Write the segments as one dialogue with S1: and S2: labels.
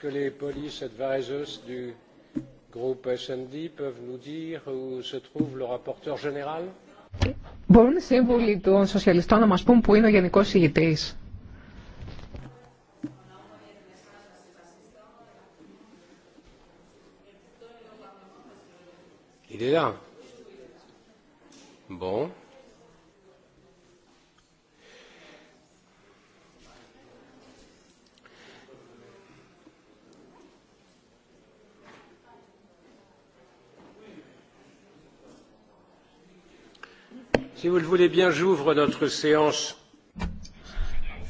S1: Est-ce que les police advisors du groupe S&D peuvent nous dire où se trouve le rapporteur général?
S2: Μπορούν οι σύμβουλοι των σοσιαλιστών που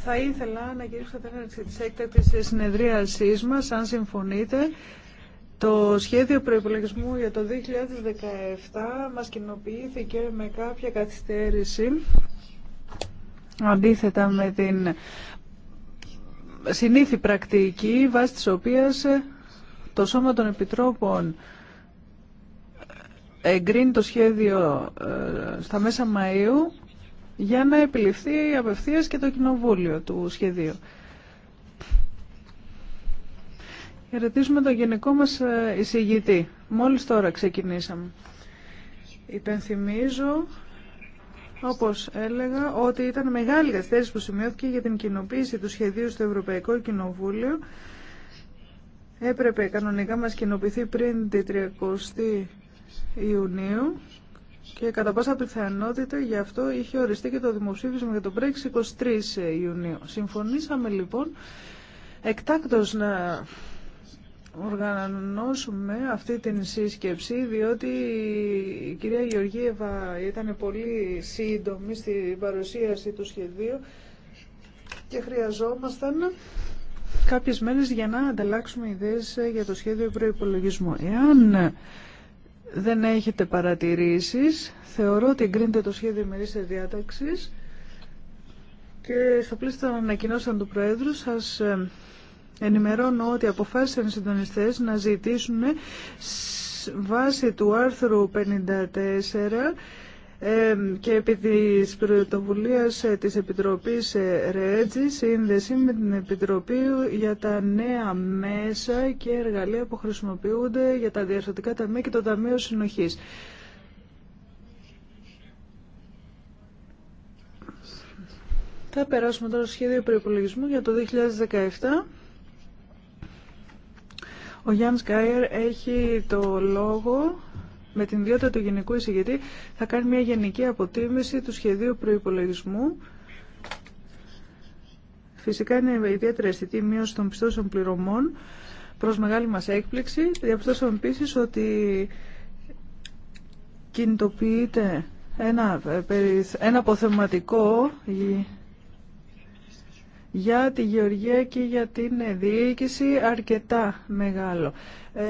S1: Θα ήθελα να κηρύξω την έναρξη της έκτακτης συνεδρίασή συνεδρίασής αν συμφωνείτε. Το σχέδιο προϋπολογισμού για το 2017 μας κοινοποιήθηκε με κάποια καθυστέρηση, αντίθετα με την συνήθι πρακτική, βάσει της οποίας το Σώμα των Επιτρόπων εγκρίνει το σχέδιο ε, στα μέσα Μαΐου για να επιληφθεί απευθείας και το κοινοβούλιο του σχεδίου. Χαιρετίζουμε τον γενικό μας ε, εισηγητή. Μόλις τώρα ξεκινήσαμε. Υπενθυμίζω, όπως έλεγα, ότι ήταν μεγάλη καθυστέρηση που σημειώθηκε για την κοινοποίηση του σχεδίου στο Ευρωπαϊκό Κοινοβούλιο. Έπρεπε κανονικά μας κοινοποιηθεί πριν την 30 Ιουνίου και κατά πάσα πιθανότητα γι' αυτό είχε οριστεί και το δημοψήφισμα για το Brexit 23 Ιουνίου. Συμφωνήσαμε λοιπόν εκτάκτως να οργανώσουμε αυτή την σύσκεψη διότι η κυρία Γεωργίευα ήταν πολύ σύντομη στην παρουσίαση του σχεδίου και χρειαζόμασταν κάποιες μέρες για να ανταλλάξουμε ιδέες για το σχέδιο προϋπολογισμού. Εάν δεν έχετε παρατηρήσεις. Θεωρώ ότι εγκρίνεται το σχέδιο ημερήσια διάταξης και στο πλαίσια των ανακοινώσεων του Προέδρου σας ε, ενημερώνω ότι αποφάσισαν οι συντονιστές να ζητήσουν βάση του άρθρου 54 και επί της πρωτοβουλίας ε, της Επιτροπής ε, ΡΕΤΖΙ σύνδεση με την Επιτροπή για τα νέα μέσα και εργαλεία που χρησιμοποιούνται για τα διαρθρωτικά ταμεία και το Ταμείο Συνοχής. Θα περάσουμε τώρα στο σχέδιο προπολογισμού για το 2017. Ο Γιάννης Κάιερ έχει το λόγο με την ιδιότητα του Γενικού Εισηγητή θα κάνει μια γενική αποτίμηση του σχεδίου προϋπολογισμού. Φυσικά είναι ιδιαίτερα αισθητή η μείωση των πιστώσεων πληρωμών προς μεγάλη μας έκπληξη. Διαπιστώσαμε επίση ότι κινητοποιείται ένα, ε, ένα αποθεματικό για τη γεωργία και για την διοίκηση αρκετά μεγάλο. Ε,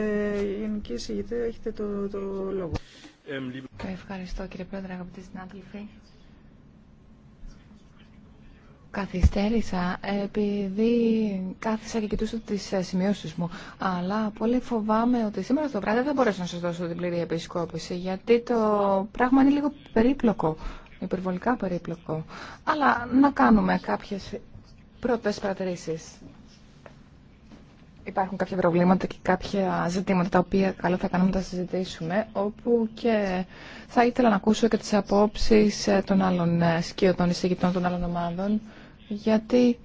S1: Γενική Συγητή, έχετε το, το λόγο. Ευχαριστώ κύριε Πρόεδρε, αγαπητοί συνάδελφοι.
S3: Καθυστέρησα επειδή κάθισα και κοιτούσα τις ε, σημειώσεις μου. Αλλά πολύ φοβάμαι ότι σήμερα το βράδυ δεν θα μπορέσω να σας δώσω την πλήρη επισκόπηση γιατί το πράγμα είναι λίγο περίπλοκο, υπερβολικά περίπλοκο. Αλλά να κάνουμε κάποιες Πρώτες παρατηρήσει. Υπάρχουν κάποια προβλήματα και κάποια ζητήματα τα οποία καλό θα κάνουμε να τα συζητήσουμε, όπου και θα ήθελα να ακούσω και τις απόψεις ε, των άλλων ε, σκιωτών εισηγητών των άλλων ομάδων, γιατί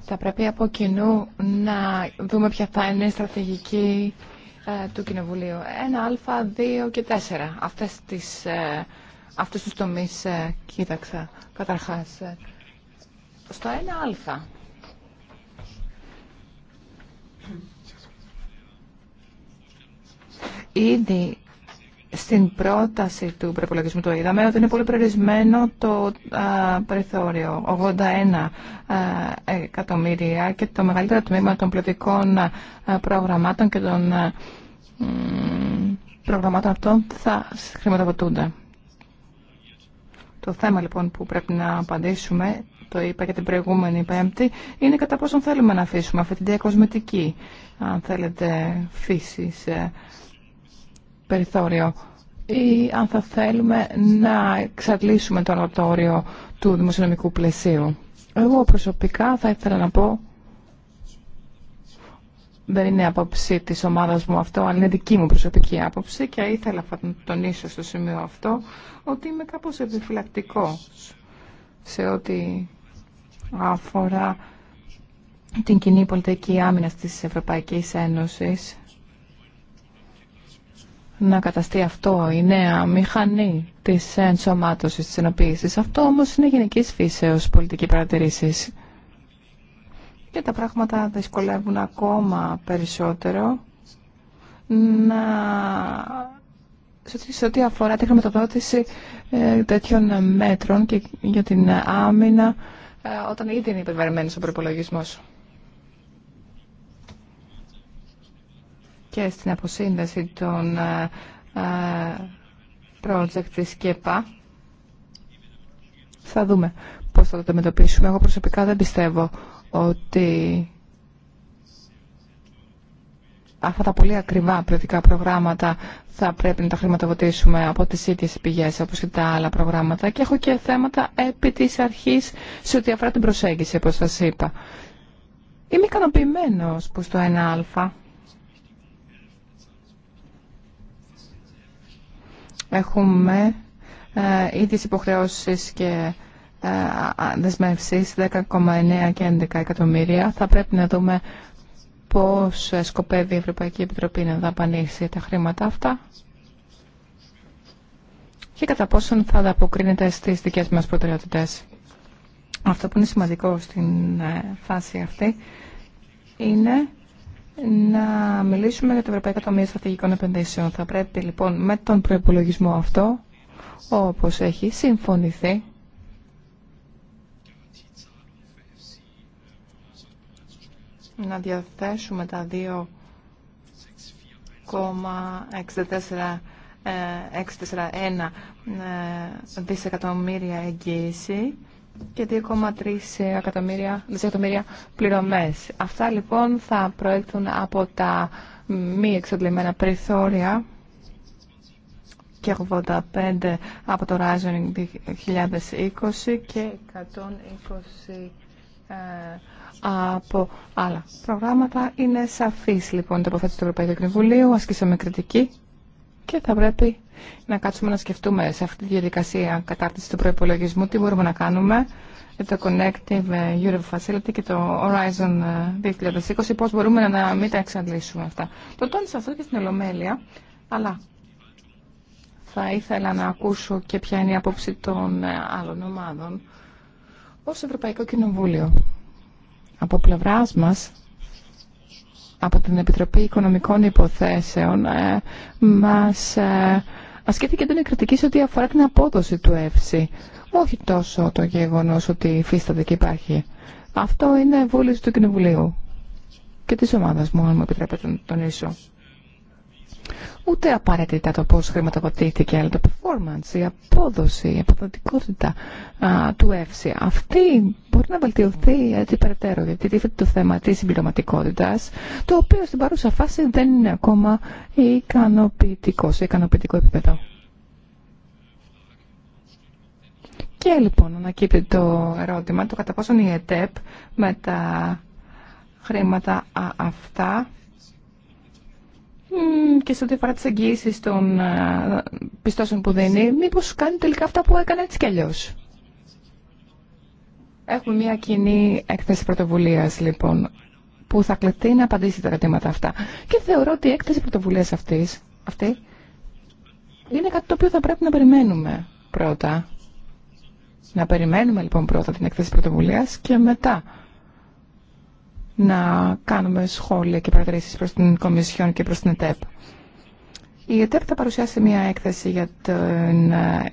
S3: θα πρέπει από κοινού να δούμε ποια θα είναι η στρατηγική ε, του Κοινοβουλίου. Ένα, Α, δύο και 4. Αυτές τις, αυτούς τους τομείς κοίταξα καταρχάς στο 1α. Ήδη στην πρόταση του προπολογισμού του είδαμε ότι είναι πολύ περιορισμένο το α, περιθώριο, 81 εκατομμύρια και το μεγαλύτερο τμήμα των πληθυκών προγραμμάτων και των προγραμμάτων αυτών θα χρηματοδοτούνται. Το θέμα λοιπόν που πρέπει να απαντήσουμε το είπα και την προηγούμενη Πέμπτη, είναι κατά πόσον θέλουμε να αφήσουμε αυτή την διακοσμητική, αν θέλετε, φύση σε περιθώριο ή αν θα θέλουμε να εξαντλήσουμε το ανατόριο του δημοσιονομικού πλαισίου. Εγώ προσωπικά θα ήθελα να πω δεν είναι άποψη της ομάδας μου αυτό, αλλά είναι δική μου προσωπική άποψη και ήθελα να τονίσω στο σημείο αυτό ότι είμαι κάπως επιφυλακτικό σε ό,τι αφορά την κοινή πολιτική άμυνα τη Ευρωπαϊκή Ένωσης να καταστεί αυτό η νέα μηχανή της ενσωμάτωση τη ενοποίηση. Αυτό όμω είναι γενικής φύσεως πολιτική παρατήρηση. Και τα πράγματα δυσκολεύουν ακόμα περισσότερο να... σε ό,τι αφορά τη χρηματοδότηση ε, τέτοιων μέτρων και για την άμυνα ε, όταν ήδη είναι υπερβαρημένος ο προπολογισμό. Και στην αποσύνδεση των ε, ε, project της ΚΕΠΑ θα δούμε πώς θα το αντιμετωπίσουμε. Εγώ προσωπικά δεν πιστεύω ότι αυτά τα πολύ ακριβά ποιοτικά προγράμματα θα πρέπει να τα χρηματοδοτήσουμε από τις ίδιε πηγέ όπως και τα άλλα προγράμματα και έχω και θέματα επί της αρχής σε ό,τι αφορά την προσέγγιση όπω σα είπα. Είμαι ικανοποιημένο που στο 1α έχουμε ε, ίδιες υποχρεώσεις και ε, δεσμεύσεις 10,9 και 11 εκατομμύρια. Θα πρέπει να δούμε πώς σκοπεύει η Ευρωπαϊκή Επιτροπή να δαπανίσει τα χρήματα αυτά και κατά πόσον θα ανταποκρίνεται στις δικές μας προτεραιότητες. Αυτό που είναι σημαντικό στην ε, φάση αυτή είναι να μιλήσουμε για το Ευρωπαϊκό Ταμείο Στρατηγικών Επενδύσεων. Θα πρέπει λοιπόν με τον προπολογισμό αυτό, όπως έχει συμφωνηθεί, να διαθέσουμε τα 2,641 ε, ε, δισεκατομμύρια εγγύηση και 2,3 δισεκατομμύρια πληρωμές. Αυτά λοιπόν θα προέλθουν από τα μη εξαντλημένα περιθώρια και 85 από το Ράζονινγκ 2020 και 120 από άλλα προγράμματα. Είναι σαφής λοιπόν η τοποθέτηση του Ευρωπαϊκού Κοινοβουλίου, ασκήσαμε κριτική και θα πρέπει να κάτσουμε να σκεφτούμε σε αυτή τη διαδικασία κατάρτιση του προπολογισμού τι μπορούμε να κάνουμε το Connective ε, Europe Facility και το Horizon 2020, ε, πώς μπορούμε να μην τα εξαντλήσουμε αυτά. Το τόνισα αυτό και στην Ολομέλεια, αλλά θα ήθελα να ακούσω και ποια είναι η άποψη των ε, άλλων ομάδων ως Ευρωπαϊκό Κοινοβούλιο από πλευράς μας από την Επιτροπή Οικονομικών Υποθέσεων ε, μας ε, ασκείται και κριτική σε ό,τι αφορά την απόδοση του ΕΦΣΥ. Όχι τόσο το γεγονός ότι υφίσταται και υπάρχει. Αυτό είναι βούληση του Κοινοβουλίου και της ομάδας μου, αν μου επιτρέπετε να τονίσω ούτε απαραίτητα το πώς χρηματοδοτήθηκε, αλλά το performance, η απόδοση, η αποδοτικότητα του ΕΦΣΙ. Αυτή μπορεί να βελτιωθεί έτσι περαιτέρω, γιατί τίθεται το θέμα της συμπληρωματικότητα, το οποίο στην παρούσα φάση δεν είναι ακόμα ικανοποιητικό, σε ικανοποιητικό επίπεδο. Και λοιπόν ανακύπτει το ερώτημα το κατά πόσον η ΕΤΕΠ με τα χρήματα αυτά και σε ό,τι αφορά τι εγγυήσει των πιστώσεων που δίνει, μήπω κάνει τελικά αυτά που έκανε έτσι κι αλλιώ. Έχουμε μια κοινή έκθεση πρωτοβουλία, λοιπόν, που θα κληθεί να απαντήσει τα ερωτήματα αυτά. Και θεωρώ ότι η έκθεση πρωτοβουλία αυτή είναι κάτι το οποίο θα πρέπει να περιμένουμε πρώτα. Να περιμένουμε λοιπόν πρώτα την έκθεση πρωτοβουλία και μετά να κάνουμε σχόλια και παρατηρήσεις προς την Κομισιόν και προς την ΕΤΕΠ. Η ΕΤΕΠ θα παρουσιάσει μια έκθεση για,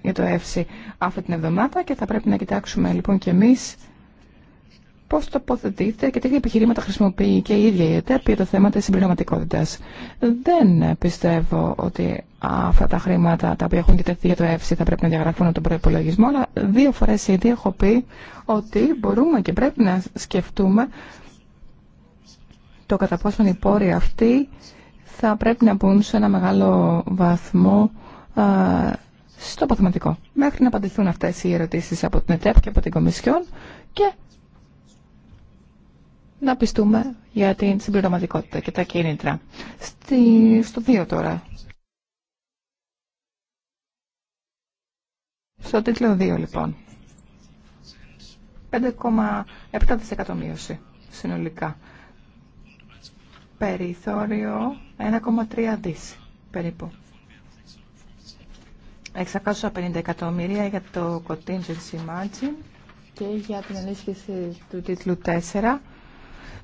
S3: για το ΕΦΣΙ αυτή την εβδομάδα και θα πρέπει να κοιτάξουμε λοιπόν και εμείς πώς τοποθετείται και τι επιχειρήματα χρησιμοποιεί και η ίδια η ΕΤΕΠ για το θέμα της συμπληρωματικότητας. Δεν πιστεύω ότι αυτά τα χρήματα τα οποία έχουν κοιτεθεί για το ΕΦΣΙ θα πρέπει να διαγραφούν από τον προπολογισμό, αλλά δύο φορές ήδη έχω πει ότι μπορούμε και πρέπει να σκεφτούμε το κατά πόσον οι πόροι αυτοί θα πρέπει να μπουν σε ένα μεγάλο βαθμό στο παθηματικό. Μέχρι να απαντηθούν αυτές οι ερωτήσεις από την ΕΤΕΠ και από την Κομισιόν και να πιστούμε για την συμπληρωματικότητα και τα κίνητρα. Στη, στο 2 τώρα. Στο τίτλο 2 λοιπόν. 5,7% μείωση συνολικά περιθώριο 1,3 δις περίπου. 650 εκατομμύρια για το contingency margin και για την ενίσχυση του τίτλου 4.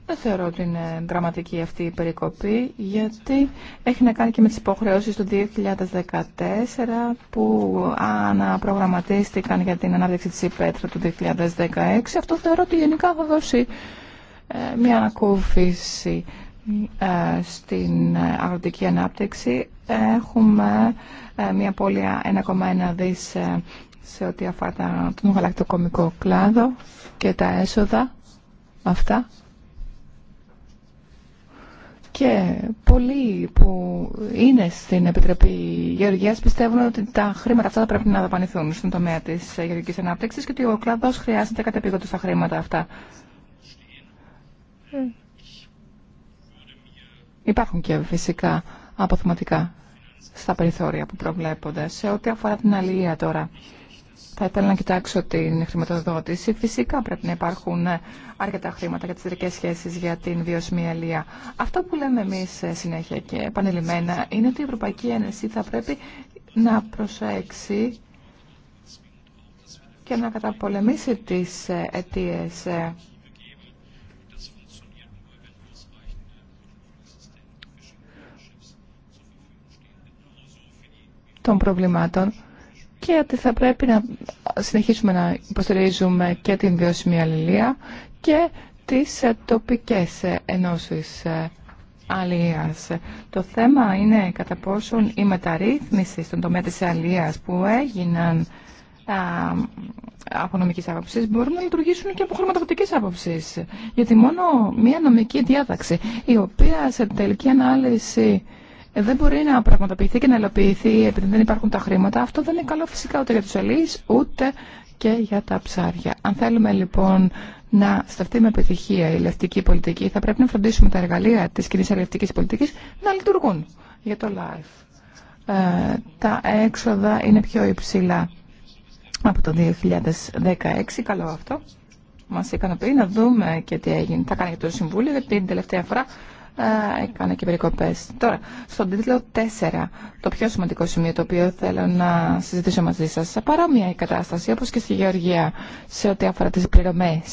S3: Δεν θεωρώ ότι είναι δραματική αυτή η περικοπή, γιατί έχει να κάνει και με τις υποχρεώσεις του 2014 που αναπρογραμματίστηκαν για την ανάπτυξη της υπέτρα του 2016. Αυτό θεωρώ ότι γενικά θα δώσει ε, μια ανακούφιση ε, στην αγροτική ανάπτυξη. Έχουμε μια πόλια 1,1 δις ε, σε ό,τι αφορά τον γαλακτοκομικό κλάδο και τα έσοδα αυτά. Και πολλοί που είναι στην Επιτροπή Γεωργίας πιστεύουν ότι τα χρήματα αυτά θα πρέπει να δαπανηθούν στον τομέα της γεωργικής ανάπτυξης και ότι ο κλάδος χρειάζεται κατεπίγοντος τα χρήματα αυτά. Ε, Υπάρχουν και φυσικά αποθυματικά στα περιθώρια που προβλέπονται. Σε ό,τι αφορά την αλληλεία τώρα, θα ήθελα να κοιτάξω την χρηματοδότηση. Φυσικά πρέπει να υπάρχουν αρκετά χρήματα για τις ειδικέ σχέσει για την βιωσιμή αλληλεία. Αυτό που λέμε εμείς ε, συνέχεια και επανειλημμένα είναι ότι η Ευρωπαϊκή Ένωση θα πρέπει να προσέξει και να καταπολεμήσει τις ε, αιτίες ε, των προβλημάτων και ότι θα πρέπει να συνεχίσουμε να υποστηρίζουμε και την βιώσιμη αλληλεία και τις ε, τοπικές ε, ενώσεις ε, αλληλείας. Το θέμα είναι κατά πόσον η μεταρρύθμιση στον τομέα της αλληλείας που έγιναν από νομική άποψη μπορούν να λειτουργήσουν και από χρηματοδοτική άποψη. Γιατί μόνο μία νομική διάταξη, η οποία σε τελική ανάλυση ε, δεν μπορεί να πραγματοποιηθεί και να υλοποιηθεί επειδή δεν υπάρχουν τα χρήματα, αυτό δεν είναι καλό φυσικά ούτε για τους ελείς, ούτε και για τα ψάρια. Αν θέλουμε λοιπόν να σταθεί με επιτυχία η λευτική πολιτική, θα πρέπει να φροντίσουμε τα εργαλεία της κοινή ελευτική πολιτικής να λειτουργούν για το life. Ε, τα έξοδα είναι πιο υψηλά από το 2016, καλό αυτό. Μας ικανοποιεί να δούμε και τι έγινε. Θα κάνει και το Συμβούλιο, γιατί την τελευταία φορά Έκανα και περικοπέ. Τώρα, στον τίτλο 4, το πιο σημαντικό σημείο το οποίο θέλω να συζητήσω μαζί σα σε παρόμοια η κατάσταση, όπω και στη Γεωργία, σε ό,τι αφορά τι πληρωμέ.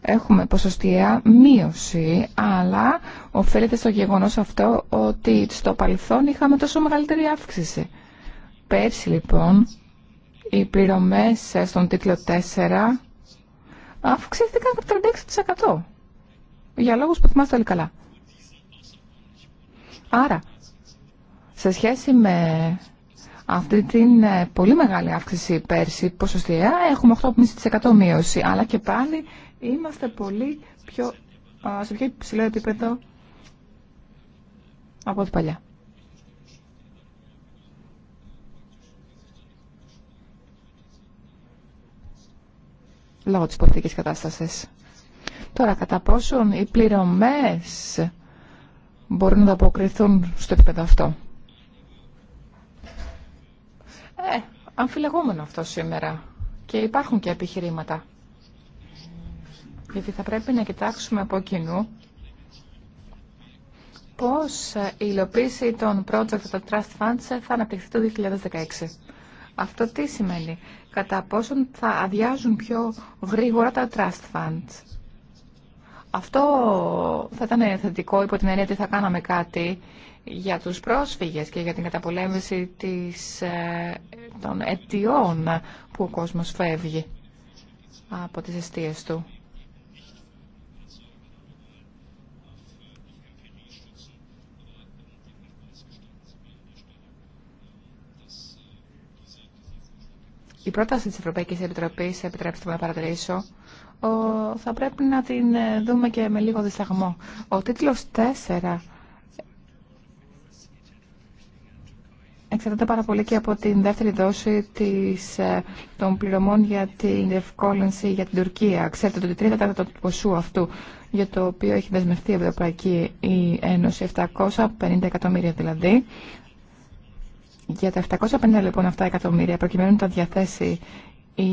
S3: Έχουμε ποσοστιαία μείωση, αλλά οφείλεται στο γεγονός αυτό ότι στο παρελθόν είχαμε τόσο μεγαλύτερη αύξηση. Πέρσι λοιπόν, οι πληρωμές ε, στον τίτλο 4 αυξήθηκαν κατά 36% για λόγους που θυμάστε όλοι καλά. Άρα, σε σχέση με αυτή την ε, πολύ μεγάλη αύξηση πέρσι ποσοστιαία, έχουμε 8,5% μείωση, αλλά και πάλι είμαστε πολύ πιο, σε πιο υψηλό επίπεδο από ό,τι παλιά. Λόγω της πολιτικής κατάστασης. Τώρα, κατά πόσον οι πληρωμές μπορούν να αποκριθούν στο επίπεδο αυτό. Ε, αμφιλεγόμενο αυτό σήμερα και υπάρχουν και επιχειρήματα. Γιατί θα πρέπει να κοιτάξουμε από κοινού πώς η υλοποίηση των project των Trust Funds θα αναπτυχθεί το 2016. Αυτό τι σημαίνει, κατά πόσον θα αδειάζουν πιο γρήγορα τα Trust Funds αυτό θα ήταν θετικό υπό την έννοια ότι θα κάναμε κάτι για τους πρόσφυγες και για την καταπολέμηση της, ε, των αιτιών που ο κόσμος φεύγει από τις αιστείες του. Η πρόταση της Ευρωπαϊκής Επιτροπής, επιτρέψτε μου να παρατηρήσω, θα πρέπει να την ε, δούμε και με λίγο δισταγμό. Ο τίτλος 4 εξαρτάται πάρα πολύ και από την δεύτερη δόση της, ε, των πληρωμών για την ευκόλυνση για την Τουρκία. Ξέρετε ότι τρίτα τέταρτα του ποσού αυτού για το οποίο έχει δεσμευτεί η Ευρωπαϊκή η Ένωση, 750 εκατομμύρια δηλαδή. Για τα 750 λοιπόν αυτά εκατομμύρια προκειμένου να τα διαθέσει η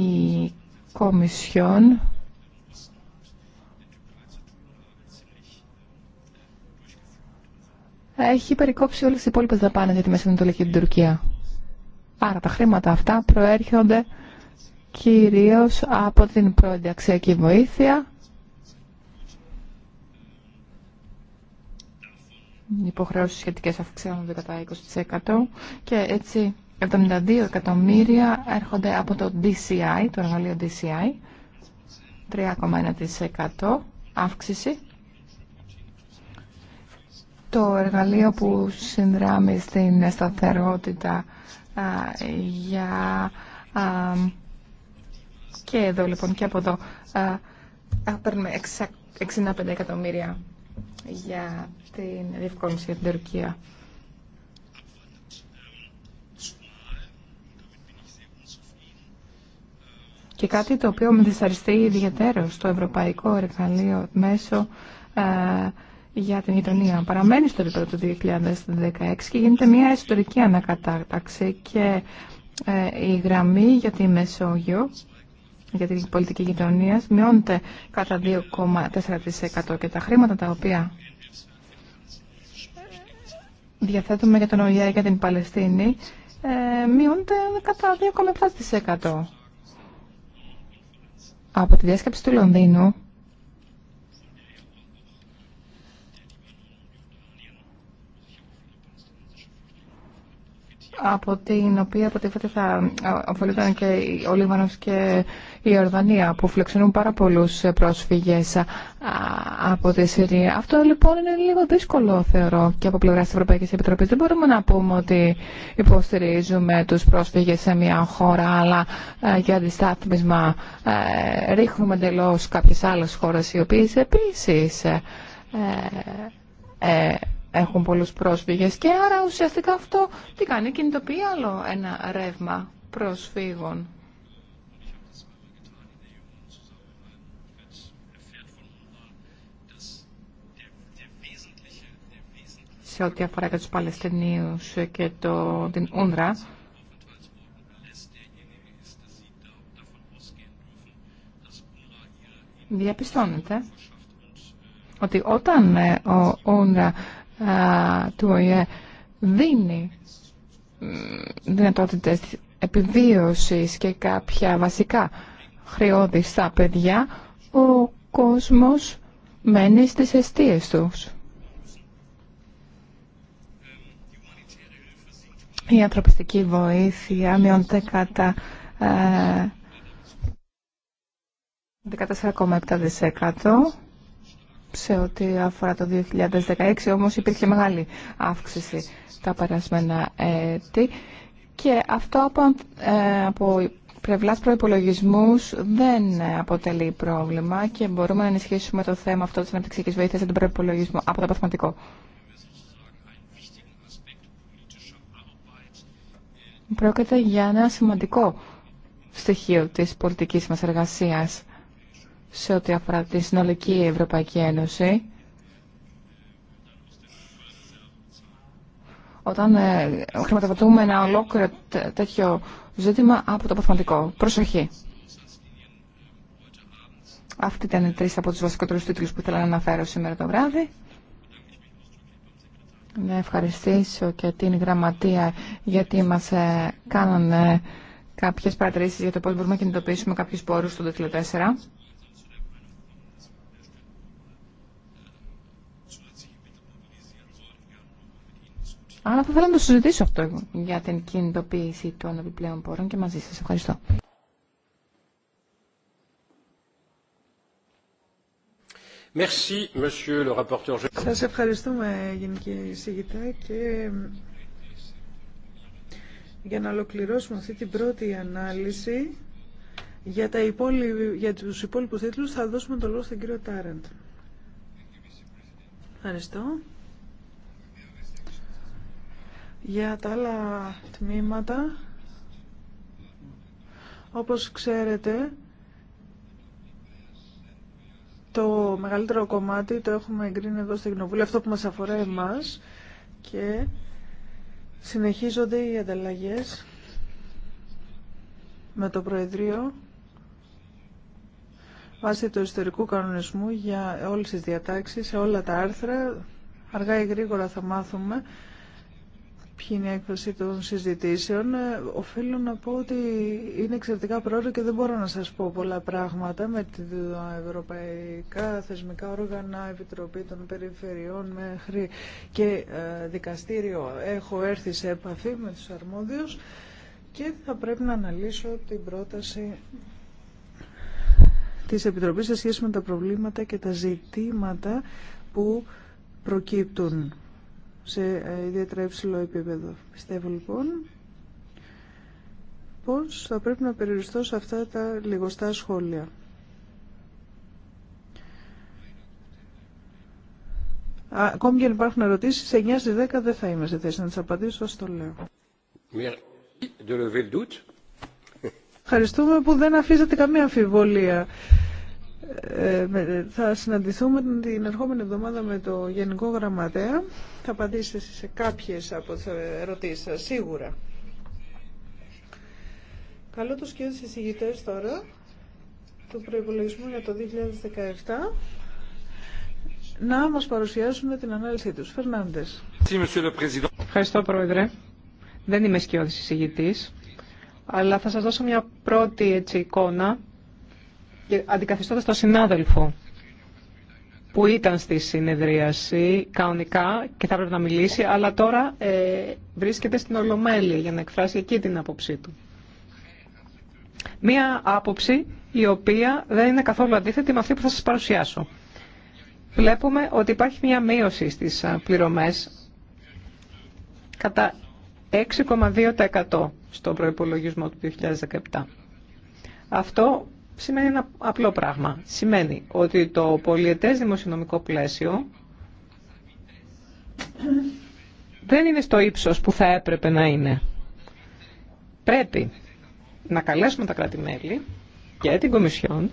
S3: Κομισιόν έχει περικόψει όλες τι υπόλοιπε δαπάνες για τη Μέση Ανατολή και την Τουρκία. Άρα τα χρήματα αυτά προέρχονται κυρίως από την προενταξιακή βοήθεια υποχρεώσει σχετικέ αυξάνονται κατά 20% και έτσι 72 εκατομμύρια έρχονται από το DCI, το εργαλείο DCI 3,1% αύξηση το εργαλείο που συνδράμει στην σταθερότητα για... και εδώ λοιπόν και από εδώ α, παίρνουμε 65 εκατομμύρια για την διευκόλυνση για την Τουρκία. Και κάτι το οποίο με δυσαριστεί ιδιαίτερο στο Ευρωπαϊκό Εργαλείο μέσω για την γειτονία παραμένει στο επίπεδο του 2016 και γίνεται μια ιστορική ανακατάρταξη και ε, η γραμμή για τη Μεσόγειο για την πολιτική γειτονία μειώνεται κατά 2,4% και τα χρήματα τα οποία
S1: διαθέτουμε για τον ΟΗΕ για την Παλαιστίνη
S3: ε, μειώνεται κατά 2,7%. Από τη διάσκεψη του Λονδίνου από την οποία αποτύχεται θα ωφελούνταν και ο Λίβανος και η Ορδανία που φιλοξενούν πάρα πολλούς πρόσφυγες από τη Συρία. Αυτό λοιπόν είναι λίγο δύσκολο θεωρώ και από πλευρά της Ευρωπαϊκής Επιτροπής. Δεν μπορούμε να πούμε ότι υποστηρίζουμε τους πρόσφυγες σε μια χώρα αλλά ε, για αντιστάθμισμα ε, ρίχνουμε εντελώ κάποιες άλλες χώρες οι οποίες επίσης ε, έχουν πολλούς πρόσφυγες και άρα ουσιαστικά αυτό τι κάνει, κινητοποιεί άλλο ένα ρεύμα προσφύγων. σε ό,τι αφορά και τους Παλαιστινίους και το, την Ούνδρα. Διαπιστώνεται ότι όταν ε, ο Ούνδρα του ΟΗΕ δίνει δυνατότητες επιβίωσης και κάποια βασικά χρεώδη στα παιδιά, ο κόσμος μένει στις αιστείες τους. Η ανθρωπιστική βοήθεια μειώνεται κατά 14,7% ε, σε ό,τι αφορά το 2016 όμως υπήρχε μεγάλη αύξηση τα περασμένα έτη και αυτό από, ε, από προπολογισμού δεν αποτελεί πρόβλημα και μπορούμε να ενισχύσουμε το θέμα αυτό της αναπτυξιακής βοήθειας από τον προπολογισμό, από το παθηματικό. Πρόκειται για ένα σημαντικό στοιχείο της πολιτικής μας εργασίας σε ό,τι αφορά τη συνολική Ευρωπαϊκή Ένωση. Όταν ε, χρηματοδοτούμε ένα ολόκληρο τέτοιο ζήτημα από το παθηματικό. Προσοχή. Αυτή ήταν τρει από του βασικότερου τίτλου που ήθελα να αναφέρω σήμερα το βράδυ. Να ευχαριστήσω και την γραμματεία γιατί μας ε, κάνανε κάποιε παρατηρήσει για το πώ μπορούμε να κινητοποιήσουμε κάποιου πόρου στον τίτλο 4. Αλλά θα ήθελα να το συζητήσω αυτό για την κινητοποίηση των επιπλέον πόρων και μαζί σας. Ευχαριστώ.
S1: Merci, monsieur le rapporteur. Σας ευχαριστούμε, Γενική Συγητά, και για να ολοκληρώσουμε αυτή την πρώτη ανάλυση, για, τα υπόλοι... για τους υπόλοιπους τίτλους θα δώσουμε το λόγο στον κύριο Τάραντ. Ευχαριστώ. Για τα άλλα τμήματα, όπως ξέρετε, το μεγαλύτερο κομμάτι το έχουμε εγκρίνει εδώ στην Κοινοβούλια, αυτό που μας αφορά εμάς και συνεχίζονται οι ανταλλαγές με το Προεδρείο βάσει του ιστορικού κανονισμού για όλες τις διατάξεις, σε όλα τα άρθρα. Αργά ή γρήγορα θα μάθουμε ποιοι είναι η έκφραση των συζητήσεων. Ε, οφείλω να πω ότι είναι εξαιρετικά πρόωρο και δεν μπορώ να σας πω πολλά πράγματα με τα ευρωπαϊκά θεσμικά όργανα, Επιτροπή των Περιφερειών μέχρι και ε, δικαστήριο. Έχω έρθει σε επαφή με τους αρμόδιους και θα πρέπει να αναλύσω την πρόταση της Επιτροπής σε σχέση με τα προβλήματα και τα ζητήματα που προκύπτουν σε ε, ιδιαίτερα υψηλό επίπεδο. Πιστεύω λοιπόν πως θα πρέπει να περιοριστώ σε αυτά τα λιγοστά σχόλια. Ακόμη και αν υπάρχουν ερωτήσεις, σε 9 στις 10 δεν θα είμαι σε θέση να τις απαντήσω, ας το λέω. Ευχαριστούμε που δεν αφήσατε καμία αμφιβολία ε, θα συναντηθούμε την ερχόμενη εβδομάδα με το Γενικό Γραμματέα. Θα απαντήσετε σε κάποιες από τις ερωτήσεις σας, σίγουρα. Καλώ τους κύριους εισηγητές τώρα του προϋπολογισμού για το 2017 να μας παρουσιάσουν την ανάλυση τους. Φερνάντες.
S2: Ευχαριστώ, Πρόεδρε. Δεν είμαι σκιώδης εισηγητής, αλλά θα σας δώσω μια πρώτη έτσι, εικόνα αντικαθιστώντας τον συνάδελφο που ήταν στη συνεδρίαση κανονικά και θα έπρεπε να μιλήσει, αλλά τώρα ε, βρίσκεται στην Ολομέλεια για να εκφράσει εκεί την άποψή του. Μία άποψη η οποία δεν είναι καθόλου αντίθετη με αυτή που θα σας παρουσιάσω. Βλέπουμε ότι υπάρχει μία μείωση στις πληρωμές κατά 6,2% στον προϋπολογισμό του 2017. Αυτό σημαίνει ένα απλό πράγμα. Σημαίνει ότι το πολιετές δημοσιονομικό πλαίσιο δεν είναι στο ύψος που θα έπρεπε να είναι. Πρέπει να καλέσουμε τα κράτη-μέλη και την Κομισιόν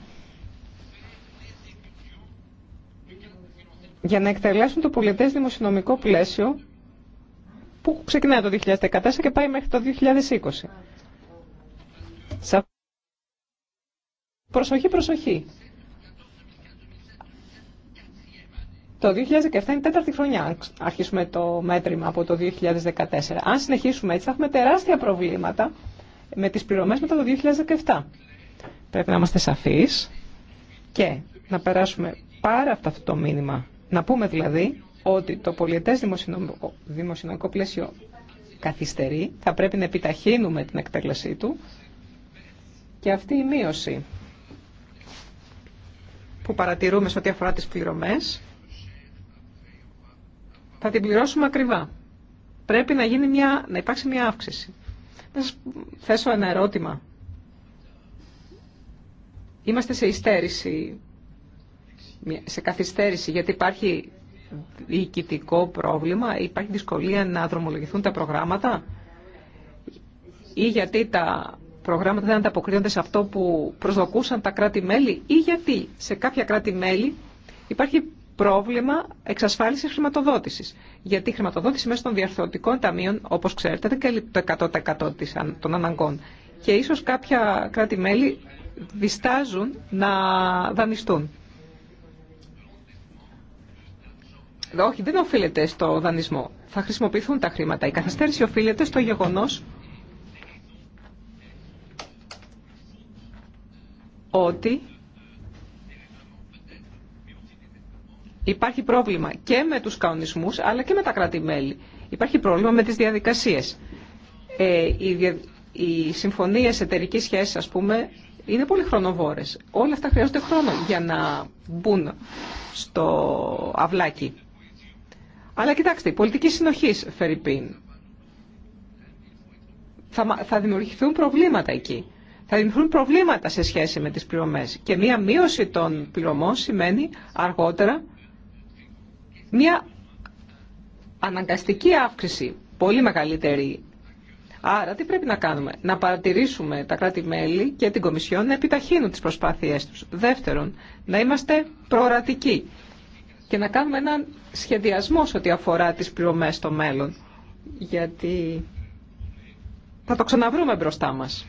S2: για να εκτελέσουν το πολιτές δημοσιονομικό πλαίσιο που ξεκινάει το 2014 και πάει μέχρι το 2020. Προσοχή, προσοχή. Το 2017 είναι η τέταρτη χρονιά, αν αρχίσουμε το μέτρημα από το 2014. Αν συνεχίσουμε έτσι, θα έχουμε τεράστια προβλήματα με τις πληρωμές μετά το 2017. Πρέπει να είμαστε σαφείς και να περάσουμε πάρα αυτό το μήνυμα. Να πούμε δηλαδή ότι το πολιετές δημοσιονομικό πλαίσιο καθυστερεί, θα πρέπει να επιταχύνουμε την εκτέλεσή του και αυτή η μείωση που παρατηρούμε σε ό,τι αφορά τις πληρωμές, θα την πληρώσουμε ακριβά. Πρέπει να, γίνει μια, να υπάρξει μια αύξηση. Να σας θέσω ένα ερώτημα. Είμαστε σε υστέρηση, σε καθυστέρηση, γιατί υπάρχει διοικητικό πρόβλημα, υπάρχει δυσκολία να δρομολογηθούν τα προγράμματα ή γιατί τα προγράμματα δεν ανταποκρίνονται σε αυτό που προσδοκούσαν τα κράτη-μέλη ή γιατί σε κάποια κράτη-μέλη υπάρχει πρόβλημα εξασφάλιση χρηματοδότηση. Γιατί η χρηματοδότηση μέσω των διαρθρωτικών ταμείων, όπω ξέρετε, δεν καλύπτει το 100% των αναγκών. Και ίσω κάποια κράτη-μέλη διστάζουν να δανειστούν. Όχι, δεν οφείλεται στο δανεισμό. Θα χρησιμοποιηθούν τα χρήματα. Η καθυστέρηση οφείλεται στο γεγονό ότι υπάρχει πρόβλημα και με τους κανονισμούς αλλά και με τα κράτη-μέλη. Υπάρχει πρόβλημα με τις διαδικασίες. Ε, οι, δια, οι συμφωνίες σχέσης, ας πούμε, είναι πολύ χρονοβόρες. Όλα αυτά χρειάζονται χρόνο για να μπουν στο αυλάκι. Αλλά κοιτάξτε, η πολιτική συνοχής, Φερρυπίν, θα, θα δημιουργηθούν προβλήματα εκεί θα δημιουργούν προβλήματα σε σχέση με τις πληρωμές. Και μία μείωση των πληρωμών σημαίνει αργότερα μία αναγκαστική αύξηση, πολύ μεγαλύτερη. Άρα τι πρέπει να κάνουμε, να παρατηρήσουμε τα κράτη-μέλη και την Κομισιόν να επιταχύνουν τις προσπάθειές τους. Δεύτερον, να είμαστε προορατικοί και να κάνουμε έναν σχεδιασμό ό,τι αφορά τις πληρωμές στο μέλλον, γιατί θα το ξαναβρούμε μπροστά μας.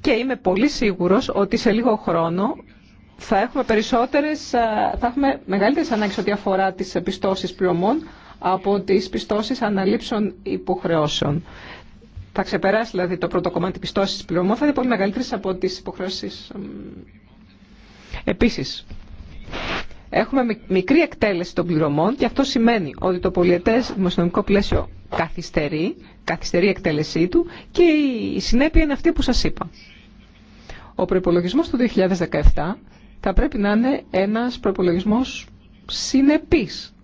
S2: Και είμαι πολύ σίγουρος ότι σε λίγο χρόνο θα έχουμε περισσότερες, ε, θα έχουμε μεγαλύτερες ανάγκες ό,τι αφορά τις πιστώσεις πληρωμών από τις πιστώσεις αναλήψεων υποχρεώσεων. Θα ξεπεράσει δηλαδή το πρώτο κομμάτι πιστώσεις πληρωμών, θα είναι πολύ μεγαλύτερες από τις υποχρεώσεις. Επίσης, Έχουμε μικρή εκτέλεση των πληρωμών και αυτό σημαίνει ότι το πολιετές δημοσιονομικό πλαίσιο καθυστερεί, καθυστερεί η εκτέλεσή του και η συνέπεια είναι αυτή που σας είπα. Ο προϋπολογισμός του 2017 θα πρέπει να είναι ένας προϋπολογισμός συνεπής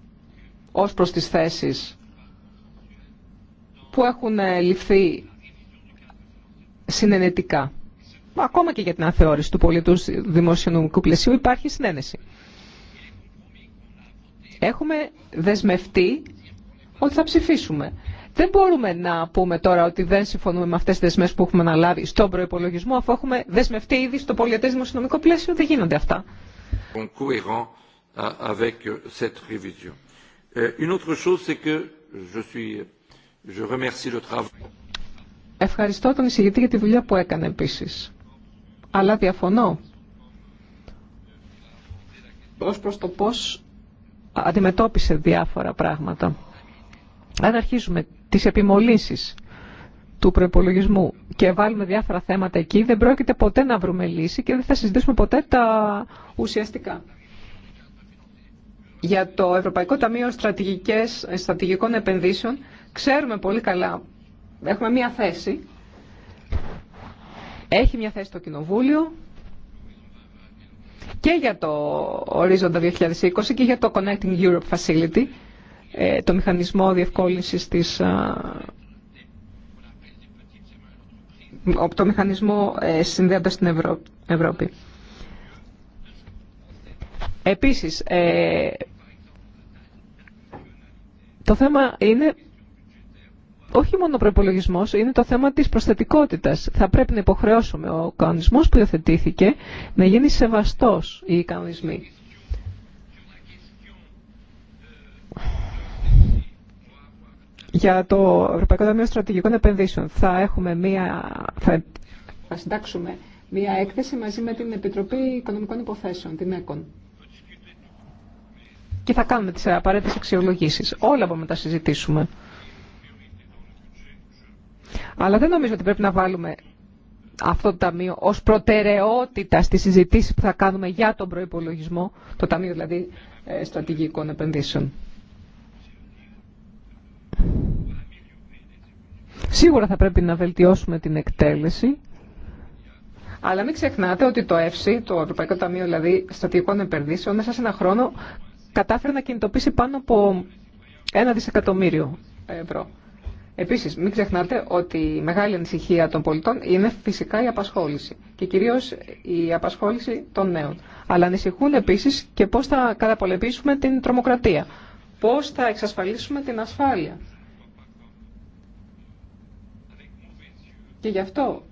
S2: ως προς τις θέσεις που έχουν ε, ληφθεί συνενετικά. Ακόμα και για την αθεώρηση του πολιτού δημοσιονομικού πλαισίου υπάρχει συνένεση. Έχουμε δεσμευτεί ότι θα ψηφίσουμε. Δεν μπορούμε να πούμε τώρα ότι δεν συμφωνούμε με αυτέ τι δεσμεύσει που έχουμε αναλάβει στον προπολογισμό, αφού έχουμε δεσμευτεί ήδη στο πολιτέ δημοσιονομικό πλαίσιο. Δεν γίνονται αυτά. Ευχαριστώ τον εισηγητή για τη δουλειά που έκανε επίση. Αλλά διαφωνώ ω προ το πώ αντιμετώπισε διάφορα πράγματα. Αν αρχίζουμε τις επιμολύσεις του προπολογισμού και βάλουμε διάφορα θέματα εκεί, δεν πρόκειται ποτέ να βρούμε λύση και δεν θα συζητήσουμε ποτέ τα ουσιαστικά. Για το Ευρωπαϊκό Ταμείο Στρατηγικές, Στρατηγικών Επενδύσεων ξέρουμε πολύ καλά, έχουμε μία θέση, έχει μία θέση το Κοινοβούλιο, και για το ορίζοντα 2020 και για το Connecting Europe Facility, ε, το μηχανισμό διευκόλυνσης της το μηχανισμό ε, συνδέοντας την Ευρώπη. Επίσης, ε, το θέμα είναι όχι μόνο ο προπολογισμό, είναι το θέμα τη προσθετικότητα. Θα πρέπει να υποχρεώσουμε ο κανονισμό που υιοθετήθηκε να γίνει σεβαστό οι κανονισμοί. Για το Ευρωπαϊκό Ταμείο Στρατηγικών Επενδύσεων θα, έχουμε μία, θα, θα συντάξουμε μία έκθεση μαζί με την Επιτροπή Οικονομικών Υποθέσεων, την ΕΚΟΝ και θα κάνουμε τις απαραίτητες αξιολογήσεις. Όλα μπορούμε να τα συζητήσουμε. Αλλά δεν νομίζω ότι πρέπει να βάλουμε αυτό το ταμείο ω προτεραιότητα στις συζητήσει που θα κάνουμε για τον προπολογισμό, το Ταμείο δηλαδή ε, Στρατηγικών Επενδύσεων. Σίγουρα θα πρέπει να βελτιώσουμε την εκτέλεση, αλλά μην ξεχνάτε ότι το ΕΦΣΥ, το Ευρωπαϊκό Ταμείο δηλαδή Στρατηγικών Επενδύσεων, μέσα σε ένα χρόνο κατάφερε να κινητοποιήσει πάνω από ένα δισεκατομμύριο ευρώ. Επίσης, μην ξεχνάτε ότι η μεγάλη ανησυχία των πολιτών είναι φυσικά η απασχόληση και κυρίως η απασχόληση των νέων. Αλλά ανησυχούν επίσης και πώς θα καταπολεμήσουμε την τρομοκρατία, πώς θα εξασφαλίσουμε την ασφάλεια. Και γι' αυτό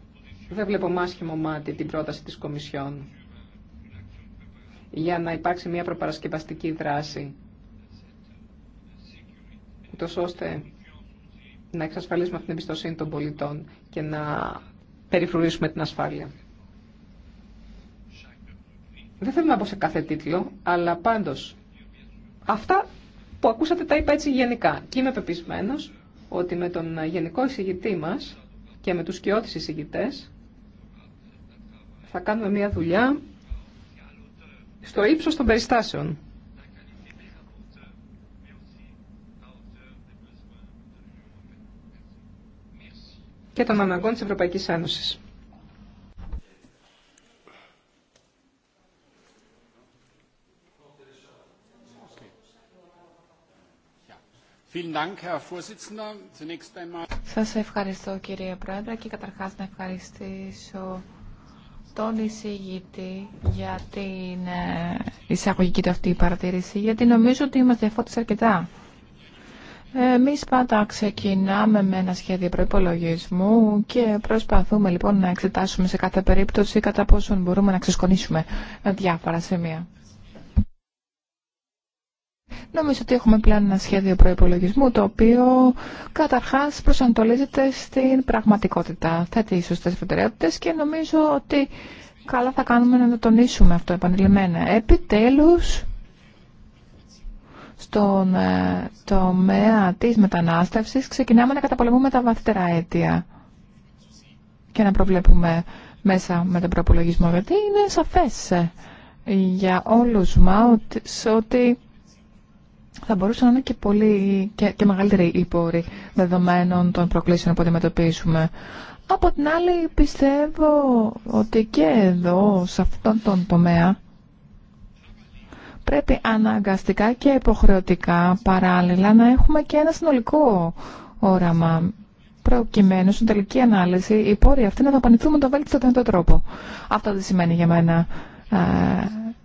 S2: δεν βλέπω μάσχημο μάτι την πρόταση της Κομισιόν για να υπάρξει μια προπαρασκευαστική δράση, ούτως ώστε να εξασφαλίσουμε αυτή την εμπιστοσύνη των πολιτών και να περιφρουρήσουμε την ασφάλεια. Δεν θέλω να πω σε κάθε τίτλο, αλλά πάντως αυτά που ακούσατε τα είπα έτσι γενικά. Και είμαι πεπισμένος ότι με τον γενικό εισηγητή μας και με τους κοιότης εισηγητές θα κάνουμε μια δουλειά στο ύψος των περιστάσεων. και των αναγκών της Ευρωπαϊκής Ένωσης.
S3: Σας ευχαριστώ κύριε Πρόεδρε και καταρχάς να ευχαριστήσω τον εισηγητή για την ε, εισαγωγική του αυτή παρατήρηση γιατί νομίζω ότι είμαστε διαφώτισε αρκετά. Εμεί πάντα ξεκινάμε με ένα σχέδιο προϋπολογισμού και προσπαθούμε λοιπόν να εξετάσουμε σε κάθε περίπτωση κατά πόσον μπορούμε να ξεσκονίσουμε διάφορα σημεία. Νομίζω ότι έχουμε πλέον ένα σχέδιο προϋπολογισμού το οποίο καταρχάς προσανατολίζεται στην πραγματικότητα. Θέτει σωστέ προτεραιότητες και νομίζω ότι καλά θα κάνουμε να το τονίσουμε αυτό επανειλημμένα. Επιτέλους στον ε, τομέα της μετανάστευσης ξεκινάμε να καταπολεμούμε τα βαθύτερα αίτια και να προβλέπουμε μέσα με τον προπολογισμό γιατί είναι σαφές ε, για όλους μας ότι θα μπορούσαν να είναι και, πολύ, και, και μεγαλύτεροι οι δεδομένων των προκλήσεων που αντιμετωπίσουμε. Από την άλλη πιστεύω ότι και εδώ, σε αυτόν τον τομέα, πρέπει αναγκαστικά και υποχρεωτικά παράλληλα να έχουμε και ένα συνολικό όραμα προκειμένου στην τελική ανάλυση οι πόροι αυτοί να δαπανηθούν με τον βέλτιστο τέτοιο τρόπο. Αυτό δεν σημαίνει για μένα ε,